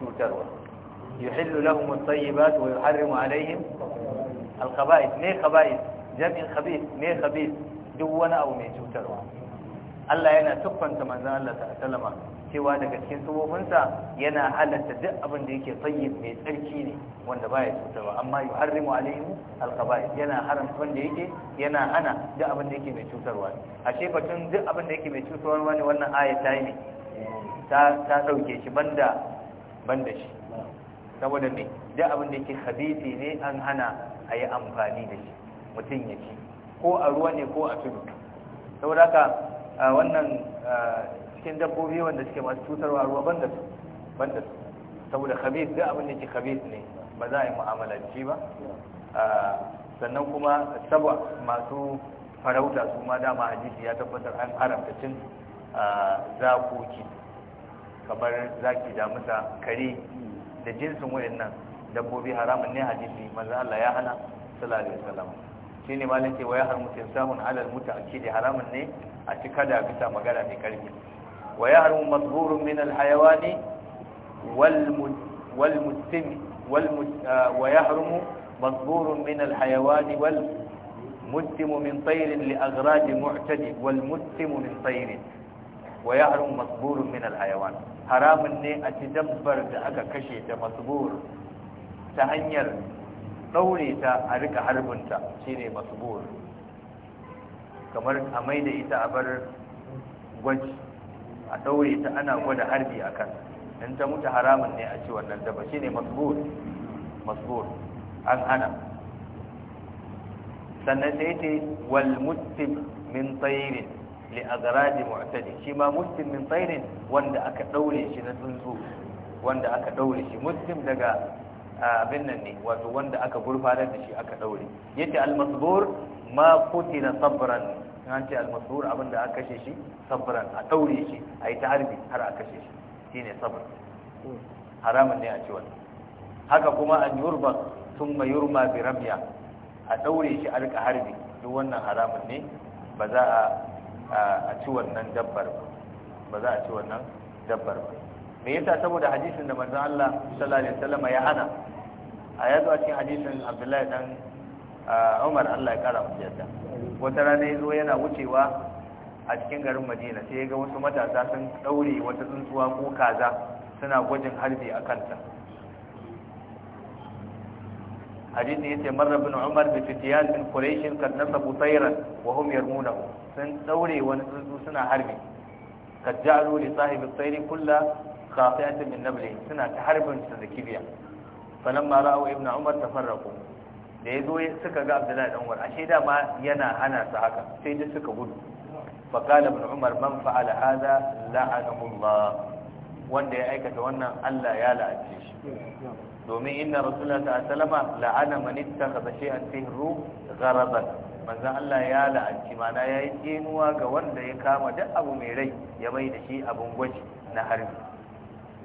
cutarwa yuhillu lahum at-tayyibat wa yuharrimu alaihim al-khaba'ith ne khaba'ith jami'in khabith ne khabith duk wani abu mai cutarwa Allah yana tuffanta manzon Allah sallama cewa daga cikin tsofofinsa yana halatta duk abin da yake tayyib mai tsarki ne wanda baya cutarwa amma yuharrimu alaihim al-khaba'ith yana haramta wanda yake yana hana duk abin da yake mai cutarwa ashe batun duk abin da yake mai cutarwa ne wannan aya ta yi ta ta dauke shi banda banda shi saboda me duk abin da yake khabisi ne an hana a yi amfani da shi mutum ya ci ko a ruwa ne ko a tudu saboda haka wannan cikin dabbobi wanda suke masu cutarwa ruwa banda su banda su saboda khabis duk abin da yake khabis ne ba za a yi mu'amalanci ba sannan kuma saba masu farauta su ma dama hadisi ya tabbatar an haramta cin zakoki kamar zaki da musa kare da jinsin wayannan dabbobi haramun ne hadisi manzo Allah ya hana sallallahu alaihi wasallam shine malin ce wa ya haramu tinsamun alal haramun ne a cika da bisa magana mai karfi wa ya haramu madhburun min al hayawani wal wal wal ah, min al hayawani wal mustim min tayr li aghrad mu'tadi wal mustim min tayr wa harin masburun min al-hayawan haramun ne a ci dabbar da aka kashe ta masbur ta hanyar daure ta a rika harbinta shine masbur kamar a maida ita a bar gwaji a daure ta ana gwada harbi akan in ta mutu haramun ne a ci wannan dabba shine masbur masbur an hana sannan sai ce wal muttim min tayrin li azradi mu'tadi shi ma muslim min tsairin wanda aka daure shi na tsuntsu wanda aka daure shi muslim daga abin nan ne wato wanda aka gurfanar da shi aka daure yace al-masbur ma qutila sabran an ce al-masbur abinda aka kashe shi sabran a daure shi ayi ta har kashe shi haramun ne a ci haka kuma an yurba thumma yurma biramya, a daure shi a rika harbi duk wannan haramun ne ba za a a ci wannan dabbar ba za a ci wannan dabbar ba me yasa saboda hadisin da manzon Allah sallallahu alaihi wasallam ya hana a yazo a cikin hadisin Abdullahi dan Umar Allah ya kara masa yadda wata rana yazo yana wucewa a cikin garin Madina sai ya ga wasu matasa sun daure wata tsuntsuwa ko kaza suna gwajin harbi a kanta hadisi yace marra bin umar bi fitiyan bin quraish kan nasa tayran wa hum yarmunahu sun daure wani tsuntsu suna harbi kad ja'alu li sahibi at kulla kullu khafiatin min nabli suna ta harbin su da kibiya falamma ra'u ibnu umar tafarraqu da yazo suka ga abdullahi dan umar ashe da ma yana hana su haka sai dai suka gudu fa qala umar man fa'ala hadha la'anahu allah wanda ya aikata wannan Allah ya la'ace shi domin inna rasulullah ta sallama la'ana man ittakhadha shay'an sihru gharaban manzo Allah ya la'anci mana yayi tsinuwa ga wanda ya kama duk abu mai rai ya mai da shi abun gwaji na harbi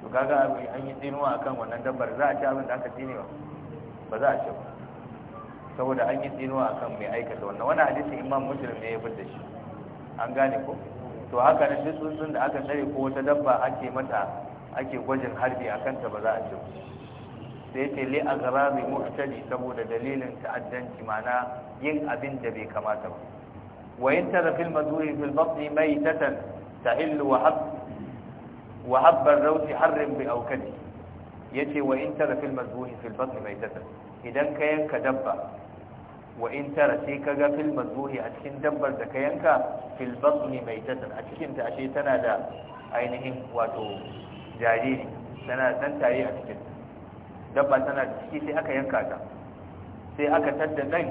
to kaga abu an yi tsinuwa akan wannan dabbar za a ci abin da aka ne ba ba za a ci ba saboda an yi tsinuwa akan mai aikata wannan wannan hadisi imam muslim ne ya fitar da shi an gane ko to haka ne duk tsuntsun da aka tsare ko wata dabba ake mata ake gwajin harbi a kanta ba za a ce sai ce li a garabi muhtadi saboda dalilin ta'addanci mana yin abin da bai kamata ba wa in tara fil mazuri fil batni maitatan tahillu wa hab wa habbar rauti harrin bi aukati yace wa in tara fil mazuri fil batni maitatan idan ka yanka dabba wa in tara sai kaga fil mazbuhi a cikin dabbar da ka yanka fil batni maitatan a cikin ta ashe tana da ainihin wato jariri tana dan tare a cikin dabba tana da ciki sai aka yanka ta sai aka tadda dan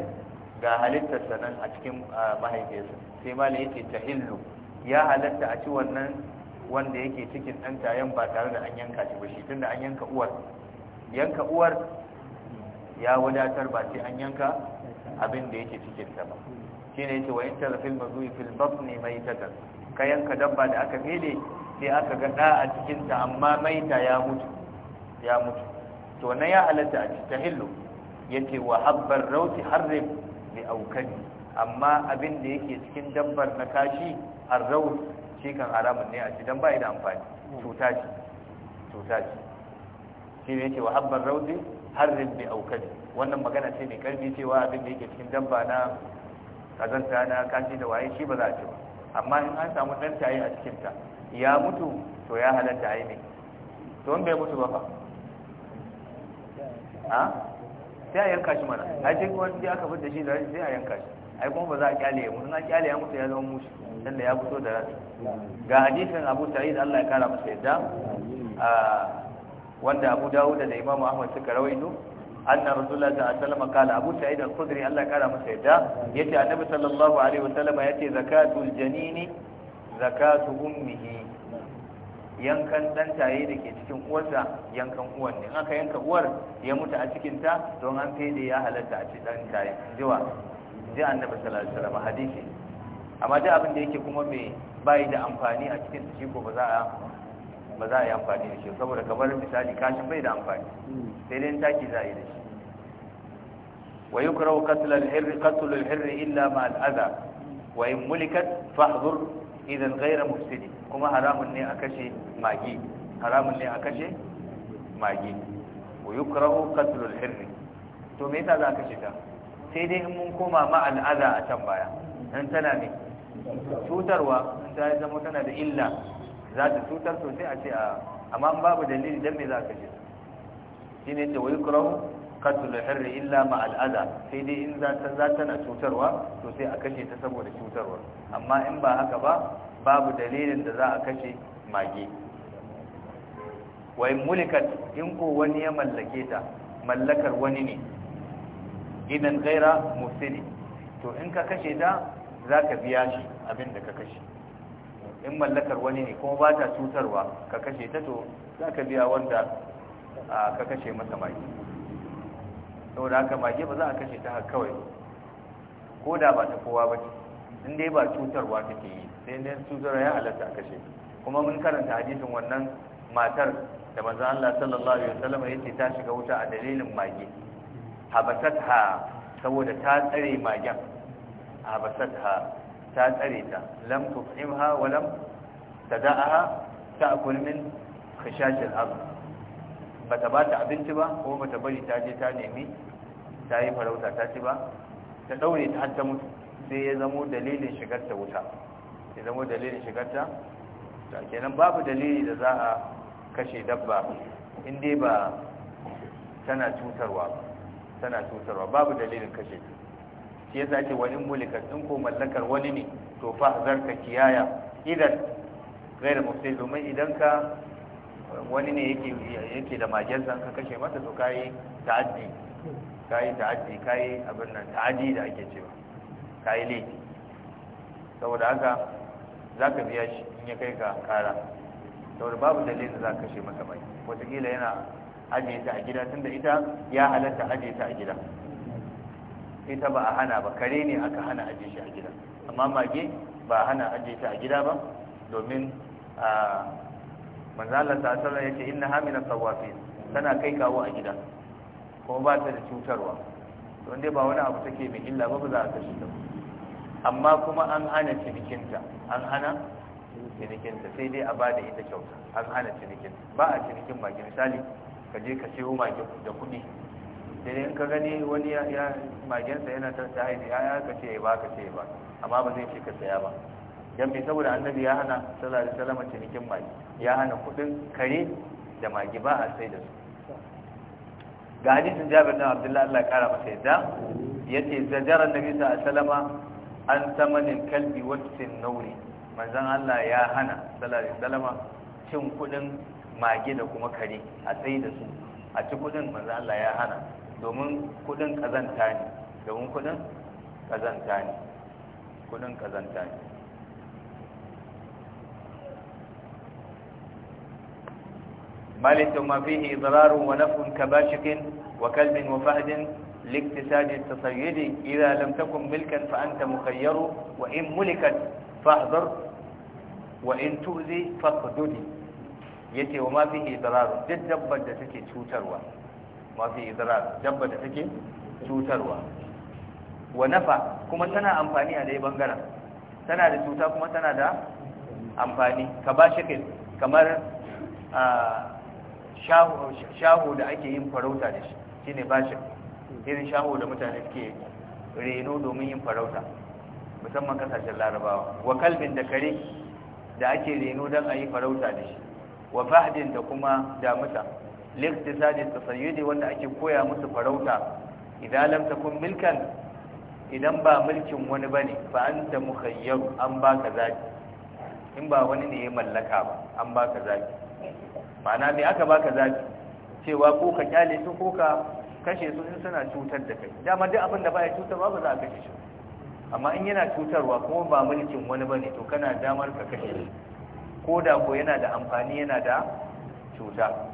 ga halittar sanan a cikin mahaifiyarsa sai yake ta tahillu ya halatta a ci wannan wanda yake cikin ɗan tayan ba tare da an yanka shi ba shi tunda an yanka uwar yanka uwar ya wadatar ba sai an yanka abin da yake cikin ta ba shine yace wa inta fil mazui fil batni maytatan ka yanka dabba da aka fede sai aka ga da a cikin ta amma maita ya mutu ya mutu to na ya halatta a cikin tahillu yace wa habbar rauti harrib li aukadi amma abin da yake cikin dabbar na kashi arraut shi kan haramun ne a cikin bai da amfani cuta ce cuta ce shi ne yake wa habbar rauti harrib li aukadi wannan magana ce mai karfi cewa abin da yake cikin dabba na kazanta na kashi da waye shi ba za a ce ba amma in an samu dan tayi a cikin ta ya mutu to ya halatta ai ne to in bai mutu ba fa a ah? sai a yanka shi mana ai sai kuma sai aka fitar da shi da sai a yanka shi ai kuma ba za a kyale ya mutu na kyale ya mutu ya zama mushi dan da ya fito da rasu ga hadisin Abu Sa'id Allah ya kara masa yadda ah, wanda Abu Dawud da Imam Ahmad suka rawaito anna rasulullah sallallahu alaihi wasallam qala abu sa'id al-khudri Allah kara masa yadda yace annabi sallallahu alaihi wasallam yace zakatul janini zakatu ummihi yankan dan taye da ke cikin uwarsa yankan uwar ne aka yanka uwar ya mutu a cikin ta don an da ya halatta a cikin dan taye jiwa ji annabi sallallahu alaihi wasallam hadisi amma da abin da yake kuma mai bai da amfani a cikin shi ko ba za a ba za a yi amfani da shi saboda kamar misali kashin bai da amfani sai dai taki za a yi da shi wa yukrahu qatl al-hirr qatl al-hirr illa ma al-adha wa in mulikat fahdhur idan ghayra mufsidi kuma haramun ne a kashe magi haramun ne a kashe magi wa yukrahu qatl al-hirr to me yasa za a kashe ta sai dai in mun koma ma al-adha a can baya dan tana ne cutarwa ta zama tana da illa za ta cutar sosai a ce a amma babu dalili dan me za ka ce shine ce wai kurahu katul hirri illa ma al'ada sai dai in za ta za tana cutarwa to sai a kashe ta saboda cutarwa amma in ba haka ba babu dalilin da za a kashe mage wai mulikat in ko wani ya mallake ta mallakar wani ne idan gaira mufsidi to in ka kashe ta zaka biya shi abin da ka kashe in mallakar wani ne kuma ba ta cutarwa ka kashe ta to za ka biya wanda ka kashe masa mage da haka mage ba za a kashe ta kawai ko da ba ta kowa ba ce in dai ba cutarwa take yi sai dai cutarwa ya halatta a kashe kuma mun karanta hadisin wannan matar da maza Allah sallallahu alaihi wasallam ce ta shiga wuta a dalilin mage ha saboda ta tsare magen ha ta tsare ta lam tuf'imha wa lam tada'aha ta'kul min khashash al-ard bata ba ta abinci ba ko bata bari ta je ta nemi ta yi farauta ta ci ba ta daure ta har ta mutu sai ya zamo dalilin shigar ta wuta ya zamo dalilin shigar ta ta kenan babu dalili da za a kashe dabba in dai ba tana cutarwa tana cutarwa babu dalilin kashe ta shi yasa ce wa in mulika in ko mallakar wani ne to fa zarka kiyaya idan da mufsid domin idan ka wani ne yake yake da magensa ka kashe mata to kayi ta'addi kayi ta'addi kayi abin nan ta'addi da ake cewa kayi laifi saboda haka zaka biya shi in ya kai ka kara saboda babu dalilin da za ka kashe masa mai wataƙila yana ajiye ta a gida tunda ita ya halatta ajiye ta a gida ita ba a hana ba kare ne aka hana aje shi a gida amma mage ba a hana ajiye shi a gida ba domin manzalar sassanar ya ce ina haminar tsawafi tana kai kawo a gida kuma ba ta da cutarwa dai ba wani abu take mai illa ba ba za a kashe ta amma kuma an hana cinikinta an hana cinikinta sai dai a bada ita kyauta an hana cinikinta ba a cinikin mage misali ka je ka siyo mage da kuɗi sai dai in ka gani wani ya magensa yana ta ta haifi ya ka ce ba ka ce ba amma ba zai ce ka saya ba yan bi saboda annabi ya hana sallallahu alaihi wasallam cinikin magi ya hana kudin kare da magi ba a sai da su ga hadisin Jabir bin Abdullah Allah ya kara masa yadda yace zajara annabi sallallahu alaihi salama an tamanin kalbi wattin nauri manzon Allah ya hana sallallahu alaihi salama cin kudin mage da kuma kare a sai da su a ci kudin manzan Allah ya hana domin kudin kazanta ne domin kudin kazanta ne kudin kazanta ne malikin mafihi zararun wa nafin kabashikin wa kalbin wa fahadin لاكتساب التصيد إذا لم تكن ملكا فأنت مخير وإن ملكت فاحذر وإن تؤذي فاقدد يتي وما فيه da take cutarwa mafi idrar dabba da take cutarwa wa nafa kuma tana amfani a dai bangaren tana da cuta kuma tana da amfani ka ba shi kamar shaho da ake yin farauta da shi shine shi irin shaho da mutane suke reno domin yin farauta musamman kasashen larabawa wa kalbin da kare da ake reno don a yi farauta da shi wa fahadin da kuma damuta liqtisadi tasayyudi wanda ake koya musu farauta idan lam takun milkan idan ba mulkin wani bane fa anta mukhayyab an baka zaki in ba wani ne ya mallaka ba an baka zaki ma'ana me aka baka zaki cewa ko ka kyale su ko ka kashe su in suna cutar da kai dama duk abin da baya cutarwa ba za a kashe shi amma in yana cutarwa kuma ba mulkin wani bane to kana damar ka kashe shi ko da ko yana da amfani yana da cuta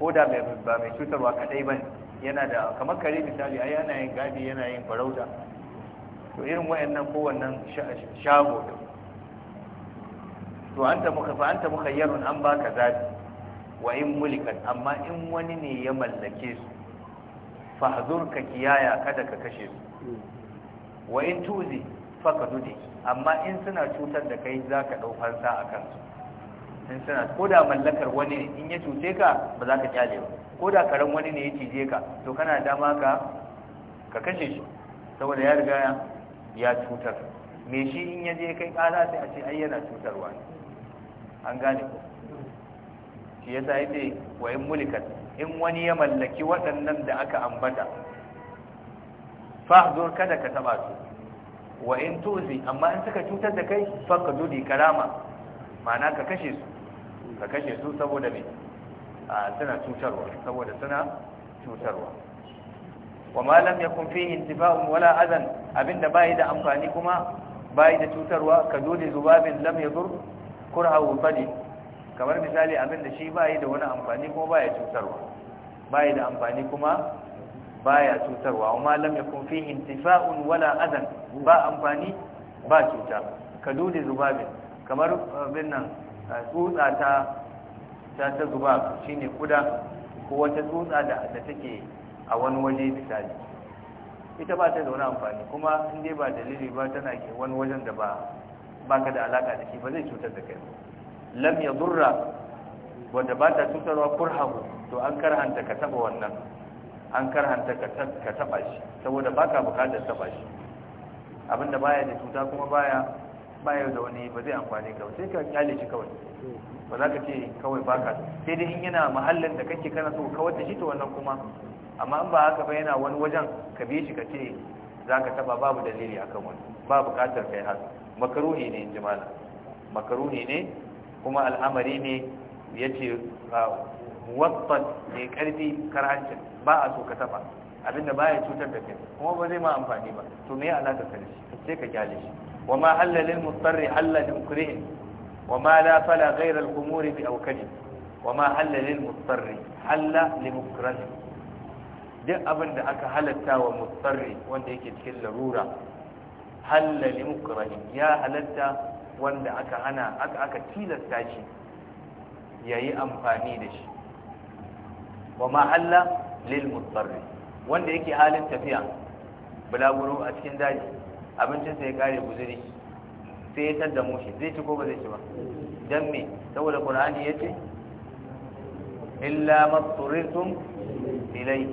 ko da mai ba mai cutarwa kadai ba yana da kamar kare misali ai yana yin gadi yana yin farauta to irin wayannan wannan shago to to anta muka fa anta yarun an baka zati wa in mulikat amma in wani ne ya mallake su fahzur ka kiyaya kada ka kashe su wa in tuzi faka dudi amma in suna cutar da kai zaka dau fansa akan su in sana ko da mallakar wani in ya cuce ka ba za ka kyale ba ko da karen wani ne ya cije ka to kana dama ka ka kashe shi saboda ya riga ya cutar me shi in ya je kai kara sai a ce ai yana cutarwa an gane ko shi yasa yace wa in mulikat in wani ya mallaki waɗannan da aka ambata fahzur kada ka taba su wa in tuzi amma in suka cutar da kai faqdudi karama ma'ana ka kashe su ka kashe su saboda me a suna cutarwa saboda suna cutarwa wa ma lam yakun fihi intifa'un wala adan abinda bai da amfani kuma bai da cutarwa ka dole zubabin lam yadur kurhahu fadi kamar misali abinda shi bai da wani amfani kuma bai cutarwa bai da amfani kuma baya cutarwa wa amma lam yakun fihi intifa'un wala adan ba amfani ba cuta ka dole zubabin kamar bin nan tsutsa ta ta ta zuba shine kuda ko wata tsutsa da da take a wani waje misali ita ba ta da wani amfani kuma in dai ba dalili ba tana ke wani wajen da ba baka da alaka da shi ba zai cutar da kai lam ya durra wadda ba ta cutarwa kurhahu to an karhanta ka taba wannan an karhanta ka taba shi saboda baka bukatar taba shi abinda baya da cuta kuma baya ba yau da wani ba zai amfani kawai sai ka kyale shi kawai ba za ka ce kawai baka sai dai in yana mahallin da kake kana so kawai da shi to wannan kuma amma in ba haka ba yana wani wajen ka bi shi ka ce za ka taba babu dalili akan wani ba bukatar kai haka makaruhi ne in jimala makaruhi ne kuma al'amari ne ya ce ah, muwattan mai karfi karhancin ba a so ka taba abinda baya cutar da kai kuma ba zai ma amfani ba to me ya alaka ka shi sai ka kyale shi وما حل للمضطر حل لمكره وما لا فلا غير الأمور بأوكله وما حل للمضطر حل لمكره duk abin da aka halatta wa mutsarri wanda yake cikin larura halla li mukrahi ya halatta wanda aka hana aka aka tilasta shi yayi amfani da shi wa ma halla lil mutsarri wanda yake halin tafiya bulaguro a cikin daji abincin sa ya kare guzuri sai ya tadda mushi zai ci ko ba zai ci ba dan me saboda qur'ani yace illa mabturitum ilai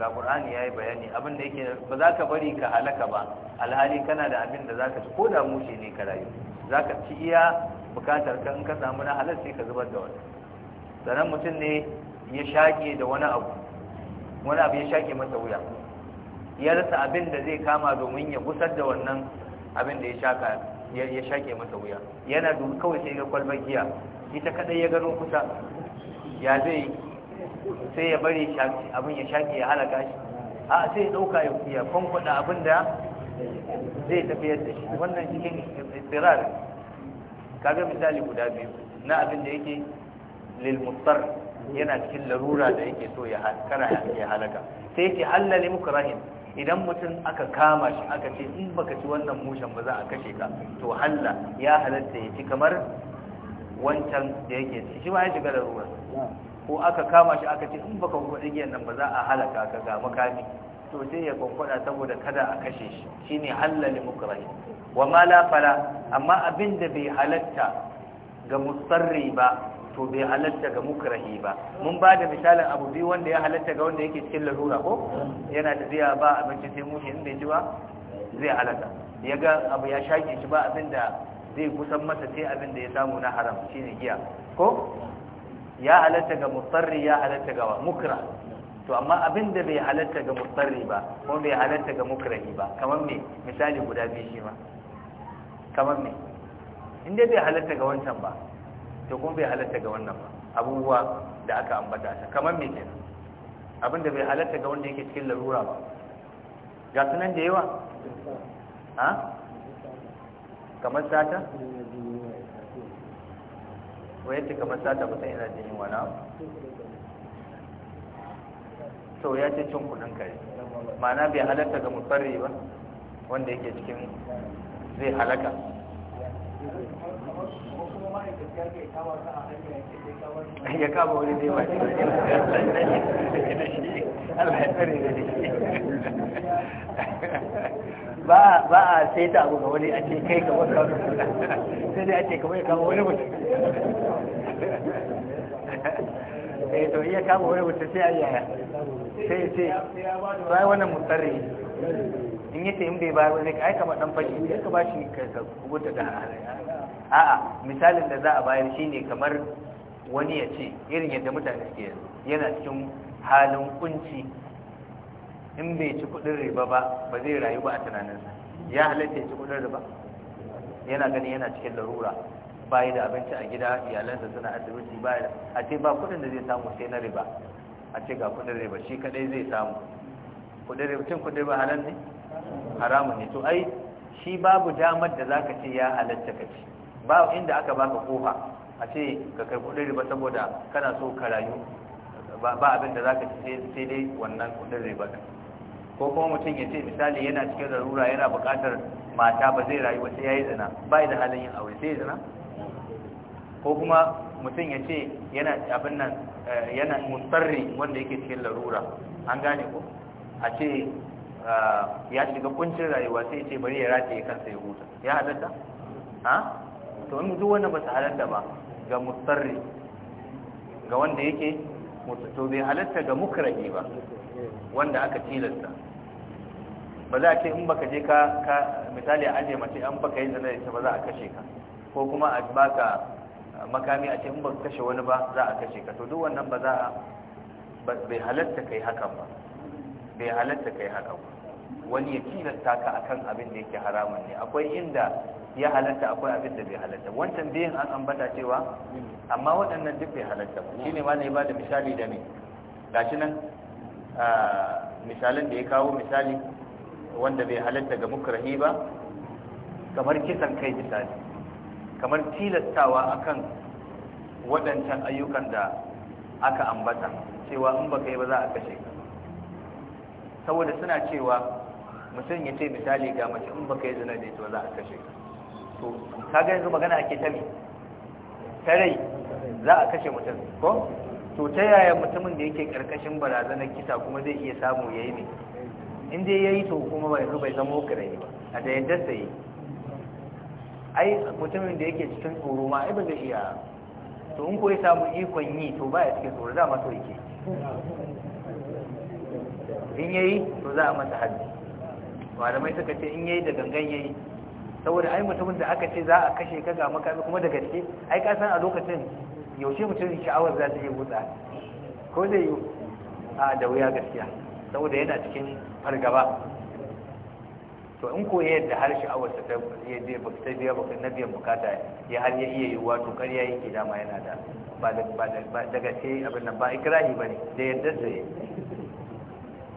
ga qur'ani yayi bayani abin da yake ba za ka bari ka halaka ba alhali kana da abin da zaka ci ko da mushi ne ka rayu zaka ci iya bukatar ka in ka samu na halal sai ka zubar da wani sanan mutum ne ya shake da wani abu wani abu ya shake masa wuya ya rasa abin da zai kama domin ya gusar da wannan abin da ya shaka ya shake masa wuya yana da kawai sai ga kwalbar giya ita kadai ya gano kusa ya zai sai ya bari abin ya shake ya halaka shi a sai ya dauka ya kwankwada abin da zai tafiyar da shi wannan cikin istirar kaga misali guda biyu na abin da yake lilmustar yana cikin larura da yake so ya halaka sai yake halale mukrahin idan mutum aka kama shi aka ce in baka ci wannan mushen ba za a kashe ka to halla ya halatta ya ci kamar wancan da yake ci shi ba ya shiga da ruwa ko aka kama shi aka ce in baka kwaɗi giyan nan ba za a halaka ka ga makami to sai ya kwakwada saboda kada a kashe shi shine li mukrahi wa ma la fala amma abinda bai halatta ga musarri ba to bai halatta ga mukrahi ba mun ba da misalin abu biyu wanda ya halatta ga wanda yake cikin larura ko yana zai ba abinci sai mushi inda bai ji ba zai halatta ya ga abu ya shaƙe shi ba abin da zai kusan masa sai abin da ya samu na haram shine giya ko ya halatta ga mutsarri ya halatta ga mukra to amma abin da bai halatta ga mutsarri ba ko bai halatta ga mukrahi ba kamar me misali guda biyu shi ma kamar me inda bai halatta ga wancan ba to kuma bai halatta ga wannan abubuwa da aka ambata ta kamar me kenan abinda bai halatta ga wanda yake cikin larura ba ga sunan da yawa ha kamar sata wayar ce kamar sata ba yana ina yin wala to ya ce cin kudin kai ma'ana bai halatta ga mutsari ba wanda yake cikin zai halaka ya kama wani ne mace ba a sai ta abu ga wani a ce kai kamar kawo sai dai a ce kamar ya kama wani mutum eh to iya kama wani mutum sai a yaya sai ce sai wani mutsari in yi ta yin bai bayar wani ka aika ma fashi ya ka ba shi ka gudu da halaye a'a misalin da za a bayar shine kamar wani ya ce irin yadda mutane suke yana cikin halin kunci in bai ci kudin riba ba ba zai rayu ba a tunaninsa ya halatta ya ci kudin riba yana gani yana cikin larura bayi da abinci a gida iyalansa suna asibiti bayi a ce ba kudin da zai samu sai na riba a ce ga kudin riba shi kadai zai samu kudin riba cin kudin riba halal ne haramun ne to ai shi babu damar da zaka ce ya halatta ka ci ba inda aka baka kofa a ce ka kai kudin riba saboda kana so ka rayu ba abin da zaka ci sai dai wannan kudin riba din ko kuma mutum ya ce misali yana cikin larura yana buƙatar mata ba zai rayu ba sai yayi zina ba da halin yin aure sai zina ko kuma mutum ya ce yana abin nan eh, yana mustarri wanda yake cikin larura an gane ko a ce eh, ya shiga kuncin rayuwa sai ce bari ya rataye kansa ya huta ya halatta ha to in duk wanda ba su halatta ba ga mustarri ga wanda yake mutu to bai halatta ga mukrahi ba wanda aka tilasta ba za a ce in baka je ka misali a aje mace an baka yi zana da ba za a kashe ka ko kuma a baka makami a ce in baka kashe wani ba za a kashe ka to duk wannan ba za a bai halatta kai hakan ba bai halatta kai hakan ba wani ya tilasta ka akan abin da yake haramun ne akwai inda ya halatta akwai abin da bai halatta wancan biyan an ambata cewa amma waɗannan duk bai halatta ba shine ma ne ba da misali da ne gashi nan misalin da ya kawo misali wanda bai halatta ga mukrahi ba kamar kisan kai misali kamar tilastawa akan waɗancan ayyukan da aka ambata cewa in ba kai ba za a kashe ka saboda suna cewa mutum ya ce misali ga mace in ba kai zina da ita ba za a kashe ka to kaga yanzu magana ake ta me ta rai za a kashe mutum ko to ta yaya mutumin da yake karkashin barazanar kisa kuma zai iya samu yayi ne in dai yayi to kuma ba yanzu bai zama kare ba a da yadda sai ai mutumin da yake cikin tsoro ma ai ba zai iya to in ko ya samu ikon yi to ba ya cikin tsoro za ma to yake in yayi to za a masa haddi malamai suka ce in yayi da gangan yayi saboda ai mutumin da aka ce za a kashe ka ga makami kuma da gaske ai ka san a lokacin yaushe mutum sha'awar za ta yi motsa ko zai yi a da wuya gaskiya saboda yana cikin fargaba to in ko yadda har sha'awar ta ya je ba ta biya bakin na biyan bukata ya har ya iya yiwuwa to ƙarya yake dama yana da ba da ba da gaske abin nan ba ikrahi bane da yadda da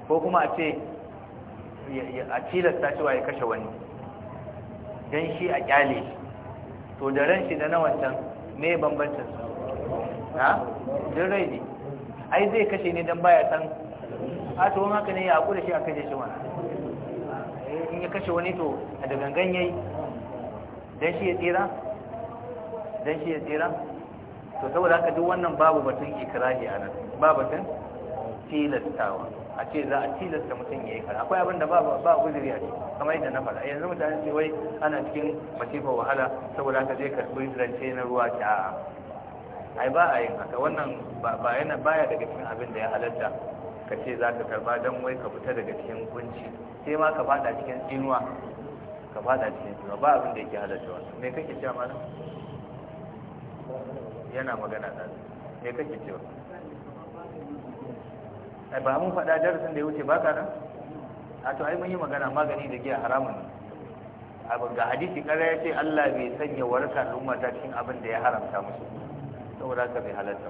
ko kuma a ce a tilasta cewa ya kashe wani don shi a kyale shi to da ran shi da na wancan me bambancin su ha din rai ne ai zai kashe ne don baya san a to haka ne ya haku da shi a kashe shi wani eh, in ya kashe wani to a da gangan yayi don shi ya tsira don shi ya tsira to saboda haka duk wannan babu batun ikirahi a nan babu batun tilastawa a ce za a tilasta mutum ya yi fara. akwai abin da ba ba guzuri a ce kamar yadda na faɗa yanzu mutane ce wai ana cikin masifar wahala saboda haka je karɓi rance na ruwa a ai ba a yin haka wannan ba yana baya daga cikin abin da ya halatta ka ce za ka karba don wai ka fita daga cikin kunci sai ma ka fada cikin inuwa ka fada cikin inuwa ba abin da yake halatta wannan me kake cewa ma yana magana da me kake cewa ai ba mun faɗa darasin da ya wuce ba ka nan a to ai mun yi magana magani da giya haramun abin ga hadisi kare ya ce Allah bai sanya warkar al'umma ta cikin abin da ya haramta musu saboda haka bai halatta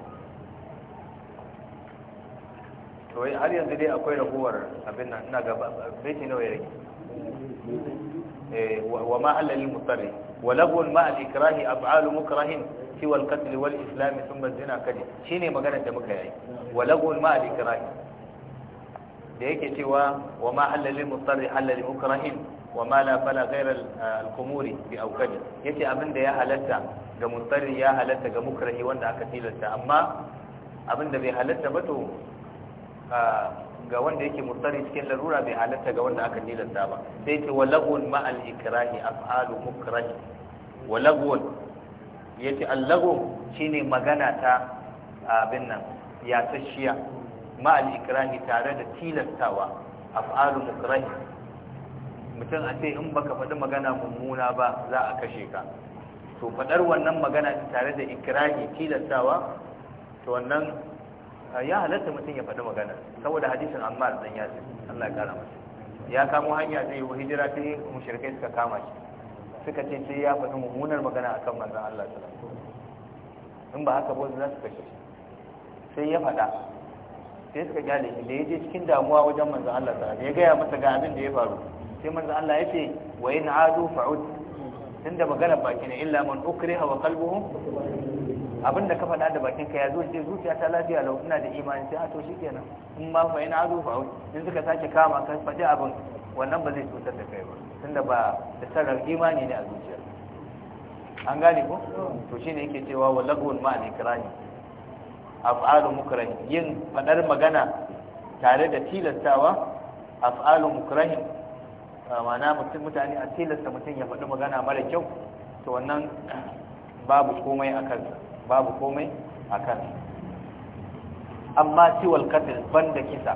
to har yanzu dai akwai raguwar abin nan ina gaba bai ce nawa ya rage eh, wa ma halal mutarri wa lahu ma al ikrahi af'al mukrahin siwa al qatl wal islam thumma zina kadi shine magana da muka yi wa lahu ma al ikrahi da yake cewa wa ma halalil mustarri halalil mukrahin wa ma la fala ghayra al-qumuri bi awqadi yace abinda ya halatta ga mustarri ya halatta ga mukrahi wanda aka tilasta amma abinda bai halatta ba to ga wanda yake mustarri cikin larura bai halatta ga wanda aka tilasta ba sai ce wa lagun ma al-ikrahi af'alu mukrahi wa lagun yace al-lagun shine magana ta abin nan ya tashiya ma'ali ikrahi tare da tilastawa af'alu mukrah mutum a ce in baka faɗi magana mummuna ba za a kashe ka to faɗar wannan magana tare da ikrahi tilastawa to wannan ya halatta mutum ya faɗi magana saboda hadisin Ammar dan ce Allah ya kara masa ya kamo hanya zai yi hijira ta yi mushrikai suka kama shi suka ce sai ya faɗi mummunar magana akan manzon Allah sallallahu alaihi wasallam in ba haka ba za su kashe shi sai ya faɗa sai suka gyale shi da ya je cikin damuwa wajen manzan Allah ta ya gaya masa ga abin da ya faru sai manzan Allah ya ce wa yin adu fa'ud da magana baki ne illa man ukriha hawa qalbuhu abin da ka faɗa da bakin ka ya zo sai zuciya ta lafiya lau ina da imani sai a to kenan in ma fa in adu fa'ud in suka sake kama ka faɗi abin wannan ba zai cutar da kai ba da ba da sarar imani ne a zuciya an gane ko to shine yake cewa wa lagun ma al af'alu mukrahin yin fadar magana tare da tilastawa af'alu mukrahin ma'ana mutum mutane a tilasta mutum ya faɗi magana mara kyau to wannan babu komai a kansa babu komai a kansa amma siwal katil banda kisa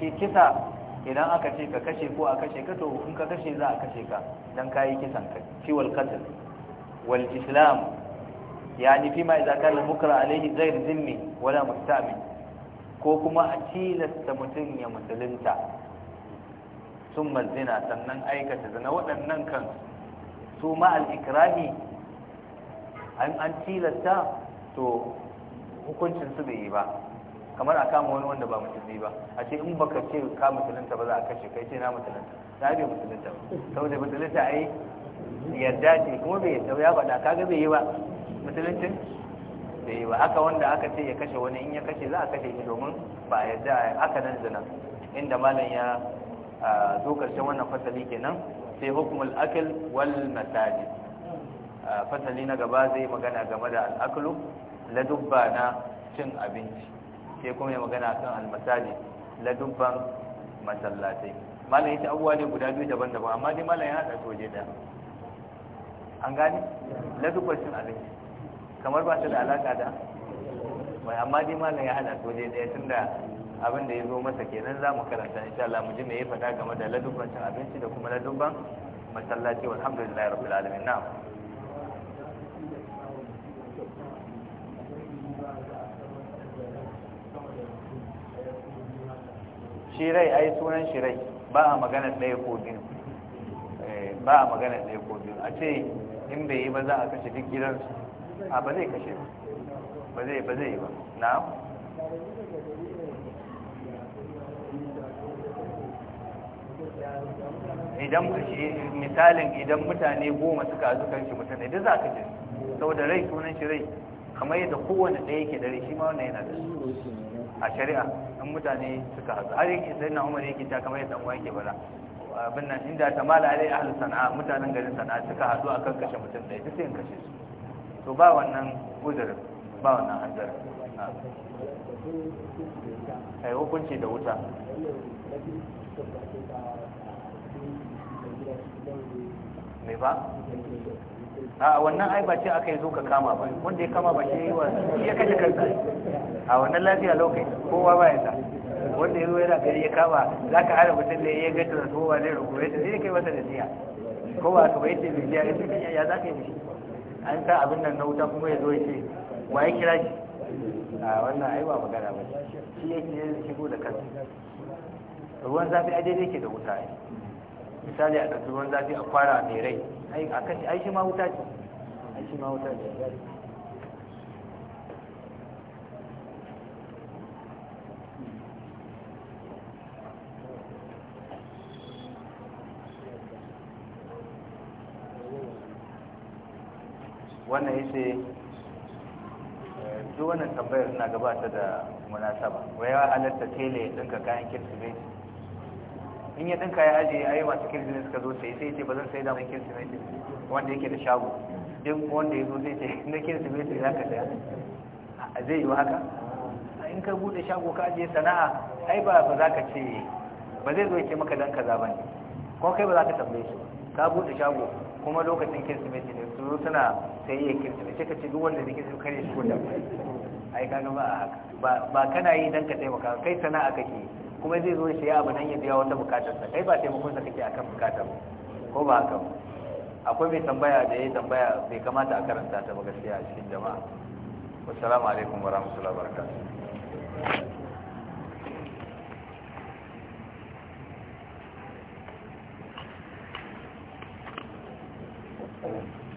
shi kisa idan aka ce ka kashe ko a kashe ka to in ka kashe za a kashe ka dan kayi kisan ka siwal katil wal islam yani fima idza kana mukra alayhi ghayr zimmi wala mustami ko kuma a tilasta mutum ya musulunta sun mazina sannan aikata zina waɗannan kan su ma'al ikrami an tilasta to hukuncin su bai yi ba kamar a kama wani wanda ba musulmi ba a ce in baka ce ka musulunta ba za a kashe kai ce na musulunta na bai musulunta ba saboda musulunta ai yarda ce kuma bai ba ya faɗa kaga bai yi ba musuluncin da eh, yi ba aka wanda aka ce ya kashe wani in ya kashe za a kashe shi domin ba a yadda aka nan zina inda malam ya zo karshen wannan fasali kenan sai hukumul akil wal masaji fasali na gaba zai magana game da al'aklu ladubba na cin abinci sai kuma ya magana kan almasaji ladubban masallatai malam ya ce abubuwa ne guda biyu daban-daban amma dai malam ya haɗa soje da an gani ladubbar cin abinci kamar ba ta da alaka da mai amma dai malam ya hada to dai tun da abin da ya zo masa kenan za mu karanta insha Allah mu ji me ya faɗa game da ladubban cin abinci da kuma ladubban masallaci walhamdulillahi rabbil alamin na'am shirai ai sunan shirai ba a magana ɗaya ko biyu eh, ba a magana ɗaya ko biyu a ce in bai yi ba za a kashe duk gidansu a ba zai kashe ba ba zai ba zai ba na idan misalin idan mutane goma suka zuka shi mutane duk za ka ce da rai sunan shi rai kamar yadda kowane ɗaya yake da rai shi ma wannan yana da a shari'a in mutane suka hazu har yake sai na umar yake ta kamar yadda uwa yake bala abin nan inda ta mala alai ahlus sana'a mutanen garin sana'a suka hazu kan kashe mutum ɗaya duk sai in kashe su to ba wannan gudur ba wannan hanzari a yi hukunci da wuta mai ba a wannan ai ba ce aka yi zo ka kama ba wanda ya kama ba shi yi wa ya kashe kansa a wannan lafiya lokai kowa ba sa. wanda ya zo yana gari ya kama za ka hada mutum da ya gaji da kowa ne rukuwa ya ce zai kai masa da siya kowa su bai ce mai siya ya ce ya za ka yi mishi an sa abin nan na wuta kuma ya zo ya ce wa ya kira shi a wannan ai ba magana ba shi ya ke shigo da kansa ruwan zafi a daidai ke da wuta ai misali a ɗauki ruwan zafi a kwara mai rai ai shi ma wuta ce ai shi ma wuta ce wannan ya ce eh, duk wannan tambayar suna gabata da munasaba wai ya halatta tele ya ɗinka kayan kirsimeti in ya ɗinka ya ajiye ayi masu kirsimeti suka zo sai sai ce ba zan sai damar mai kirsimeti wanda yake da shago din wanda ya zo zai ce na kirsimeti ya ka saya zai yi haka in ka bude shago ka ajiye sana'a ai ba ba za ka ce ba zai zo ya ce maka dan kaza ba ne ko kai ba za ka tambaye shi ka bude shago kuma lokacin kirsimeti ne su suna sayayya kirsimeti ka ce duk wanda zai kirsimeti kare shi gudan ai gaba ba haka ba kana yi don ka taimaka kai sana'a kake kuma zai zo shi ya abu nan ya biya wata bukatar sa kai ba taimakon sa kake akan bukatar ko ba haka akwai mai tambaya da yi tambaya bai kamata a karanta ta ba gaskiya a cikin jama'a assalamu alaikum wa barakatuh Amen.